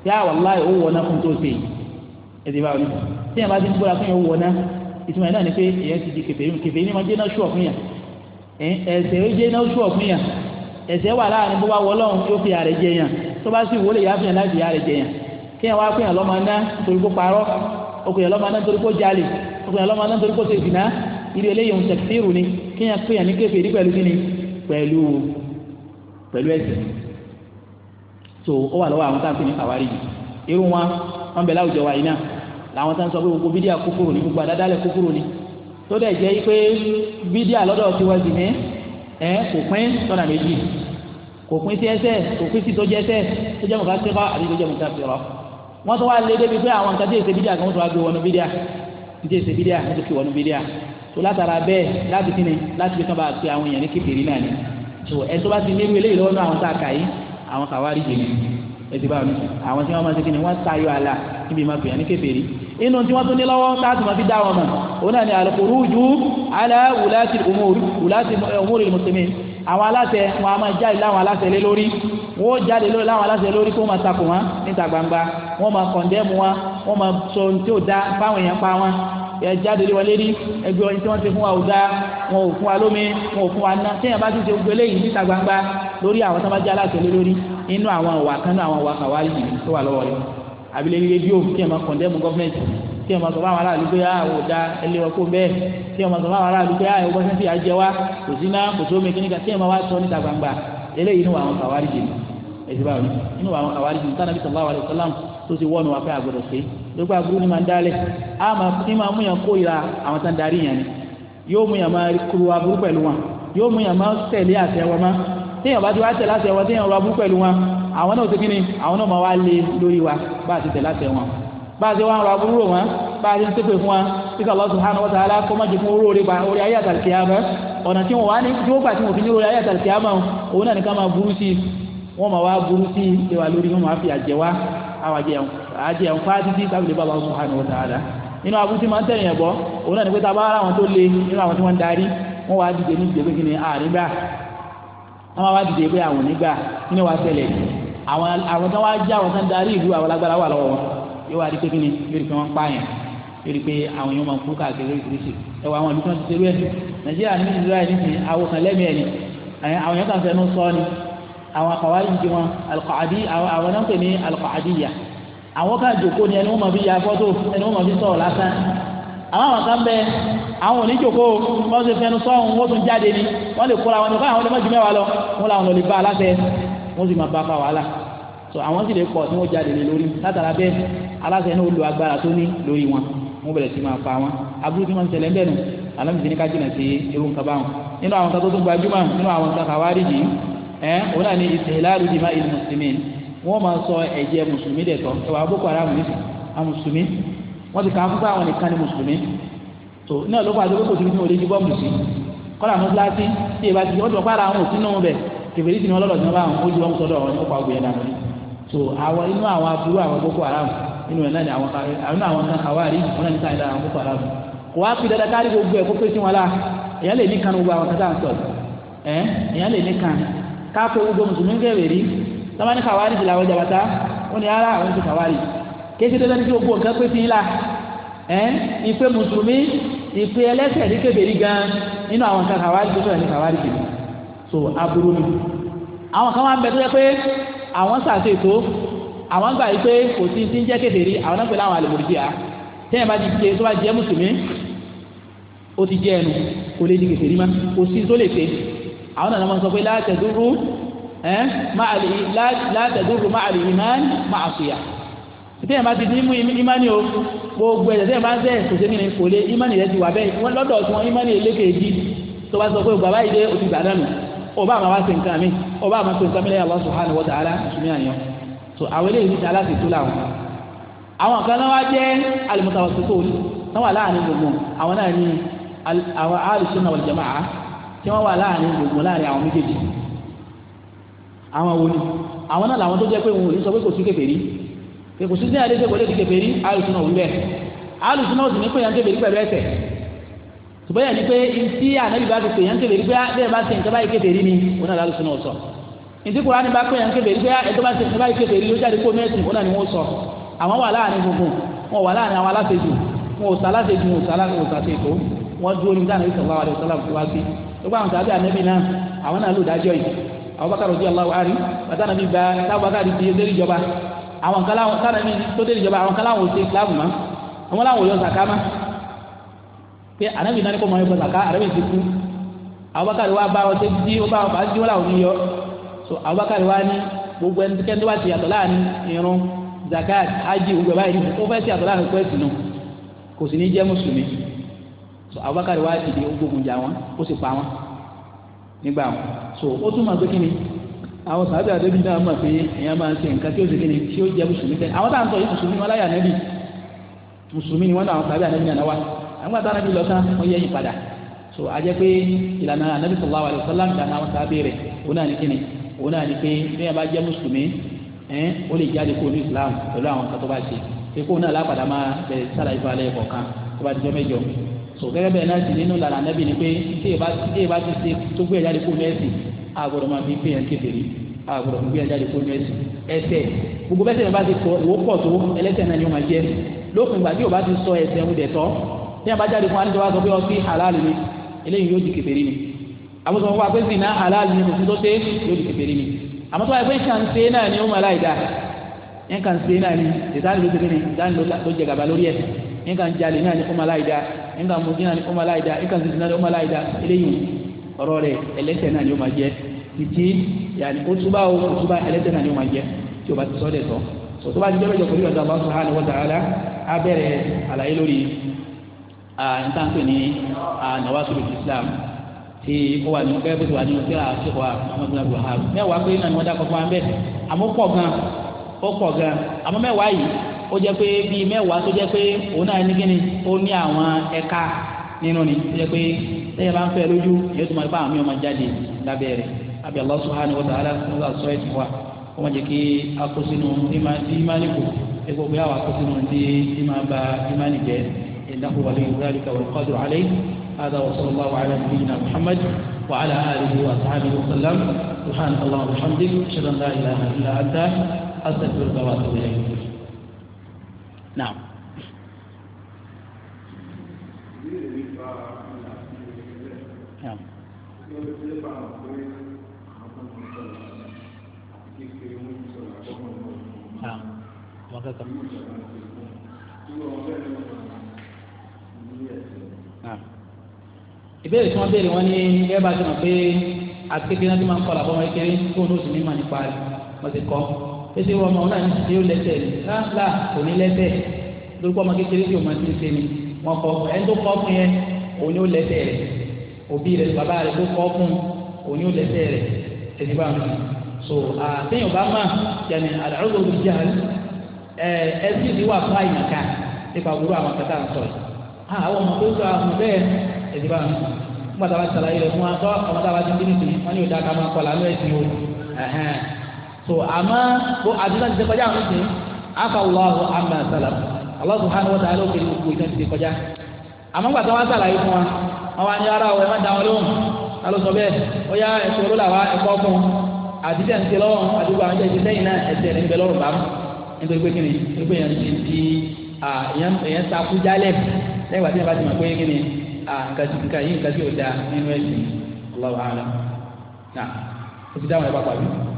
yá wàláì ó wọ̀ náà fún tó ṣe ẹ̀dẹ̀ báwọn tí yẹn bá ti ń bóra fún yẹn wọ̀ náà ìtumọ̀ yẹn náà ni pé èyàn ti di kèfèrí kèfèrí ni wọ́n jẹ́ náà ṣùọ̀ fún yà ẹ̀sẹ̀ ó jẹ́ náà ṣùọ̀ fún yà ẹ̀sẹ̀ wà láàrin bó bá wọ lọ́run yóò fi àrẹ̀ jẹ yàn tó bá sì wọlé fi yàn pẹ̀lú pẹ̀lú ẹ̀sìn so ó wà lọ́wọ́ àwọn táǹpì ní kàwárí yìí irú wọn wọn bẹ láwùjọ wa yìí náà làwọn táǹpì sọ pé gbogbo bídíà kúkúrú ni gbogbo àdádálẹ̀ kúkúrú ni tó dẹ̀ jẹ́ pé bídíà lọ́dọ̀ tiwa sì ní ẹ kò pín lọ́nà méjì kò pín sí ẹsẹ̀ kò pín sí tó jẹ́ ẹsẹ̀ tó jẹ́ mọ̀ká sẹ́kọ̀ àti tó jẹ́ mọ̀ká sẹ́rọ̀ wọ́n tó wá lé débi pé àwọn nǹkan tí èsè bídíà kan tó wá gbé wọnú bídíà ní tí èsè bídíà ní tó kí wọnú bídíà tó látara bẹ́ẹ̀ láti kíni láti fi kán bá pe àwọn èèyàn ní kékeré náà ni tó ẹ tó bá ti ní wíwé léyìí lọ́wọ́ náà àwọn tá a kà yìí àwọn kàwárí jèlè ẹ ti bá wọn àwọn tí wọ́n máa ṣe kíni wọ́n tayọ àlà níbi máa pè yàn ní kékeré inú tí wọ́n tún ní lọ́wọ́ táàtì máa fi dá wọn mọ̀ òun náà ni al-khuruju ala wùláṣì umuri al-muslimin àwọn aláṣẹ wọn a máa jáde láwọn aláṣẹ lé lórí wọn ó jáde lórí láwọn aláṣẹ lórí kó máa takò wọn níta gbangba wọn máa kọ̀ndẹ́mù ẹ jáde lé wa lérí ẹgbẹ́ ọyìn tí wọ́n ti fún wa ò da wọn ò fún wa lómi wọn ò fún wa ná téèyàn bá ti ṣe gbogbo eléyìí níta gbangba lórí àwọn tó bá jẹ́ aláṣẹlẹ̀ lórí inú àwọn ìwà kan náà àwọn ìwà kàwárí yìí tó wà lọ́wọ́ rẹ̀ abilé rédíò kí ẹ máa kọ̀ndẹ́mù gọ́fẹ́mẹ̀ntì kí ẹ máa sọ fáwọn aráàlú pé ah, àwọn ò ẹlẹ́ ọkọ bẹ́ẹ̀ kí ẹ máa sọ fáwọn aráàlú pé àwọn ah, ọgbọ́n sẹ́ńtì àjẹ wa kò sí ná kò sómi kíníkà kí ẹ máa wá sọ níta gbangba eléyìí inú àwọn kàwárí yìí ẹ̀sìn báwọn inú àwọn kàwárí yìí tánàbí sọ̀rọ̀ àwọn àlẹ́ sọ́lámù tó ti wọ́nu wa pé àgbọ̀dọ̀ ṣe lórí pé aburú ni máa ń dálẹ̀ á máa ní máa mú yàn kórìíra àwọn tá ń darí yàn ni yóò mú yàn máa kuru aburú pẹ̀lú wọn yóò mú yàn máa tẹ̀lé àṣẹ wọn mọ́ téèyàn bá ti wá tẹ̀lé àṣẹ wọn téèyàn rọ aburú pẹ̀lú wọn àwọn náà ti kí ni àwọn náà máa wá lé lórí wa bá a ti tẹ̀lé àṣẹ wọn bá a ti wá aburú rò wọn bá a ti ń fún wọn kíkà Allah subhanahu wa ta'ala kó má jẹ fún orí pa orí ayé àtàlùkì àmọ́ ọ̀nà tí wọ́n wá ní tí wọ́n gbà tí wọ́n fi ní orí ayé àtàlùkì òun náà ní ká máa burú sí i wọ́n máa wá burú sí i ṣe wà lórí wọn máa fi àjẹ wá àwọn àjẹyàn àjẹyàn fáá títí tábìlì bá wọn subhanahu wa ta'ala nínú abúlé máa ń tẹ̀yìn ẹ̀bọ́ òun náà ní pé tábà ara wọn tó le nínú àwọn tí wọ́n ń darí wọ́n wá dìde ní ìdìbò kí ni àárín gbà wọ́n wá dìde pé àwọn onígbà kí ni wá ṣẹlẹ̀ àwọn tó wá já àwọn tó ń darí ìlú àwọn alágbára wà lọ́wọ́ wọn yóò wá di pé kí ni yóò di pé wọ́n pààyàn yóò di pé àwọn yóò máa kú káàkiri oríṣiríṣi ẹ wọ àwọn ìlú kan ti ṣerú ẹ̀ nàìjíríà ní ìlú ayé nísìnyí àwọn kan àwọn àkàwárí ti wọn alùpàdé àwọn náà ń pè ní alùpàdéyà àwọn ká jòkó ni ẹni wọn mọ̀ fi ya fọ́tò ẹni wọn mọ̀ fi sọ̀rọ̀ lásán àwọn àwọn kan bẹ àwọn oníjòkó wọn ti fẹnu sọ́hún wọn tún jáde ni wọn lè kóra wọn ni káwọn lè má ju mẹ́wàá lọ wọn làwọn lè bá aláṣẹ wọn sì máa bá fa wàhálà so àwọn sì lè pọ̀ tí wọ́n jáde lé lórí látara bẹ́ẹ̀ aláṣẹ náà ó lo agbára tó ní lórí wọn wọn bẹ̀rẹ̀ sí máa fa wọn aburú tí wọ́n ń ṣẹlẹ̀ ń bẹ̀rù alámìsí ní ká jìnà sí ewu nǹkan báwọn nínú àwọn kan tó tún gbajúmọ̀ nínú àwọn kan kàwárí yìí ẹ òun náà ní istihlalu dima'il muslimin wọ́n máa sọ ẹ̀jẹ̀ mùsùlùmí dẹ̀tọ̀ ẹ̀wà boko haram ní a mùsùlùmí wọ́n ti kà á fún báwọn nìkan ní mùsùlùmí tó náà ló pàdé kókò síbi tí wọ́n lè jí bọ́ọ̀mù sí kọ́lá àwọn fúláṣí tí èèbá ti ọdún ọ̀pá ara àwọn òsín náà bẹ̀ kẹfẹ́rí sí ni ọlọ́dọ̀ tí wọ́n bá wọn ó ju wọn sọ́dọ̀ wọn ní ọ̀pá ọgbìn ẹ̀dá lórí tó àwọn inú àwọn aburú àwọn boko haram inú ẹ̀ náà ni àwọn kàwárí wọn náà ní sáyẹn dára àwọn boko haram kò wá fi dandan kárí gbogbo ẹ̀ kó lá èèyàn lè ní kan gbogbo àwọn kátà ń sọ ẹ̀ èèyàn lè ní káfẹ́ gbogbo mùsùlùmí kẹ̀wé rí lọ́wọ́ ní kàwárí ti làwọn jàbàtà wọ́n ara àwọn ti kàwárí kéṣe dandan ní kí gbogbo nǹkan pé sí ńlá ẹ̀ ìpè mùsùlùmí ìpè ẹlẹ́sẹ̀ ní kébèrè gan nínú àwọn nǹkan kàwárí tó sọ̀rọ̀ ní kàwárí kìí so aburú ni àwọn kan wá ń bẹ tó yẹ pé àwọn sàṣètò àwọn gbà yìí pé kò sí ti ń jẹ́ kébèrè àwọn náà pẹ̀lú àwọn àlùmọ̀rìdìyà tẹ́yìn bá ti jẹ tó bá jẹ mùsùlùmí ó ti jẹ ẹnu kò lè di kèfèrí má kò sí tó lè ṣe àwọn náà máa sọ pé látẹ̀dúró látẹ̀dúró máa lè ìmán máa sùyà tẹ́yìn bá ti ní mú ìmánì o gbogbo ẹ̀jẹ̀ tẹ́yìn bá ń sẹ́yìn kò sí nínú kò lé ìmánì rẹ̀ ti wà bẹ́ẹ̀ lọ́dọ̀ tí wọ́n ìmánì elékèéjì tó bá sọ pé bàbá yìí dé o ti gbà dànù ọba àmà wá sí nǹkan mi ọba àmà sí nǹkan mi lẹ́yìn Allah subhanahu wa ta'ala ìṣúná yẹn so àwọn eléyìí ti aláṣẹ tó làwọn àwọn kan náà wá jẹ́ al-mutawassitun náà wà láàrin gbogbo àwọn náà ní àwọn al-sunnah wal jama'ah tí wọ́n wà láàrin gbogbo láàrin àwọn méjèèjì àwọn wo ni àwọn náà làwọn tó jẹ́ pé wọn ò ní sọ pé kò sí kèfèrí pé kò sí sí àdéhùn ìṣèkò lẹ́sìn kèfèrí alùsùn náà wù bẹ́ẹ̀ alùsùn náà sì ní pé yàn kèfèrí pẹ̀lú ẹ̀ṣẹ̀ ṣùgbọ́n yẹn ni pé ntí ànábì bá ti pè yàn kèfèrí pé ah, bẹ́ẹ̀ bá ti nǹkan báyìí kèfèrí ni wọn náà alùsùn náà sọ ntí Kùránì bá pè yàn kèfèrí pé ah, ẹ̀tọ́ bá ti nǹkan báyìí kèfèrí ló jáde kó mẹ́sìn wọn náà ni wọ́n sọ àwọn wà láàrin gbogbo wọn wà láàrin àwọn aláṣejù wọn ò sá gbogbo àwọn sàbẹ̀ ànẹ́bí náà àwọn náà lò dájọ́ yìí àwọn bàkàrọ̀ ojú aláwọ̀ àrí bàtà nàbí gba táwọn bàkàrọ̀ ti dé ìjọba àwọn kan láwọn sànàbí tó dé ìjọba àwọn kan láwọn ò ṣe islam mọ́ àwọn láwọn ò yọ sàká mọ́ pé ànẹ́bí náà ní kò mọ ẹ̀kọ́ sàká ànẹ́bí ti kú àwọn bàkàrọ̀ wa bá ọtí tí ó bá ọba tí ó láwọn ò yọ so àwọn bàkàrọ̀ wa ní gbogbo ẹni kẹ́ni tó bá ti yàtọ̀ láàrin irun zakat hajj gbogbo ẹ̀ báyìí ó fẹ́ ti yàtọ̀ láàrin kó ẹ̀sìn so Abubakar wa dìde ó gbógun jà wọn ó sì pa wọn nígbà wọn so ó tún máa gbé kíni àwọn sàbẹ̀ àdébí náà mọ̀ pé èèyàn máa ń ṣe nǹkan tí ó sì kíni tí ó jẹ́ mùsùlùmí tẹ́ àwọn táwọn sọ yìí mùsùlùmí wọn láyà nẹ́bì mùsùlùmí ni wọn náà àwọn sàbẹ̀ àdébí náà wà àwọn táwọn àdébí lọ sá wọn yẹ yí padà so ajẹ́ pé ìlànà ànábì sallallahu alaihi wasallam ìlànà àwọn sàbẹ̀ rẹ̀ òun náà ní kíni òun náà ní pé bẹ́ẹ̀ bá jẹ́ mùsùlùmí ẹn o lè jáde kó ní islam pẹ̀lú àwọn kan tó bá ṣe èkó náà lápàdá máa bẹ̀rẹ̀ sára ìfọ̀ alẹ́ kọ̀ọ̀kan tó bá ti jọ mẹ́jọ so gẹ́gẹ́ bẹ́ẹ̀ náà sì nínú lànà nẹ́bí ni pé tí èyí bá ti ṣe tó gbé ẹ̀jáde kó mẹ́sì àgọ́dọ̀ máa fi gbé yẹn kékeré àgọ́dọ̀ fi gbé ẹ̀jáde kó mẹ́sì ẹsẹ̀ gbogbo bẹ́sẹ̀ náà bá ti kọ ìwó pọ̀ tó ẹlẹ́sẹ̀ náà ni ó máa jẹ́ lópin ìgbà tí o bá ti sọ ẹsẹ̀ ń dẹ̀tọ́ tí yẹn bá jáde fún wá sọ pé ọtí halal ni eléyìí yóò di kékeré ni àmọ́ sọ fún wa pé zina halal ni kò sí tó ṣe yóò di kékeré ni àmọ́ sọ wa pé nǹkan ṣe náà ni ó máa láì dáa nǹkan ṣe náà ni ìdánilójú ni ìdánilójú ló nǹkan jalè náà ní kó máa láì dá nǹkan mutí náà ní kó máa láì dá nǹkan tuntun náà ní kó máa láì dá eléyìí ọ̀rọ̀ rẹ̀ ẹlẹ́ṣẹ̀ náà ni ó máa jẹ́ títí yàní ó túbà ó kò túbà ẹlẹ́ṣẹ̀ náà ni ó máa jẹ́ tí o bá ti sọ dẹ̀ tọ́ so tó bá ti jẹ́ mẹ́jọ pẹ̀lú ọ̀dọ̀ Allah subhanahu wa ta'ala á bẹ̀rẹ̀ àlàyé lórí ntànkì ní nawasulu Islam tí ó wà nínú kẹ́kẹ́ bó ti wà nínú síra àṣekọ̀ Muhammadu Abdul Wahab mẹ́wàá pé náà ni wọ́n dákọ̀ fún wa bẹ́ẹ̀ gan ó pọ̀ gan àmọ́ mẹ́wàá yìí ó jẹ́ pé bíi mẹ́wàá tó jẹ́ pé òun náà ní kíni ó ní àwọn ẹ̀ka nínú ni ó jẹ́ pé lẹ́yìn bá ń fẹ́ lójú yóò tún máa bá àwọn mìíràn jáde lábẹ́ rẹ̀ abẹ́ Allah subhanahu wa ta'ala fún wa sọ ẹ̀sìn wa ó máa jẹ́ kí akosinu ìmáàlìkù ẹgbẹ́ òbí àwọn akosinu ti ìmáàbà ìmáàlì jẹ́ ìdáhùn wàlẹ́ ìgbàlíkà wal qadiru alayhi هذا وصلى الله على نبينا محمد وعلى آله وأصحابه وسلم سبحانك اللهم وبحمدك أشهد أن لا إله إلا أنت أستغفرك وأتوب إليك náà. wọ́n kẹ́kọ̀ọ́. ìbéèrè tí wọ́n béèrè wọ́n ní ẹ bá ti mọ̀ pé àti kékeré náà ti máa ń kọ́ làbọ̀ wọn kéré tó ní oṣù mímọ́ nípa rẹ̀ wọ́n ti kọ́ ẹsẹ wọn ọmọ náà ní yóò lẹsẹ láàlá kò ní lẹsẹ lórúkọ ọmọ kékeré tí o máa ti ń ṣe ni wọn kọ ẹni tó kọ fún yẹn òun yóò lẹsẹ rẹ òbí rẹ bàbá rẹ tó kọ fún òun yóò lẹsẹ rẹ ẹni bá mi so àtẹyìn ọba máa yẹni àdàrúgbò bíi jà ẹ ẹsì ti wà fún àyìnká nípa wúrọ àwọn kẹta àtọ yìí àwọn ọmọ tó sọ àwọn bẹ́ẹ̀ ẹni bá mi nígbà tá a bá ṣàlàyé rẹ fún wa tọ́ ọmọ tá a bá ti dín so àmọ́ adi àdúrà ti ṣe kọjá àwọn ìsìn afa Allahu amma salam Allah subhanahu wa ta'ala òkè gbogbo ìsìn ti ṣe kọjá àmọ́ gbàtà wa sàlàyé fún wa wọn ní ara wọn ẹ má da wọn lóhùn sọ olóòlà wa fún àwọn náà di ti pé yìí da nínú Allahu a'lam ti dáhùn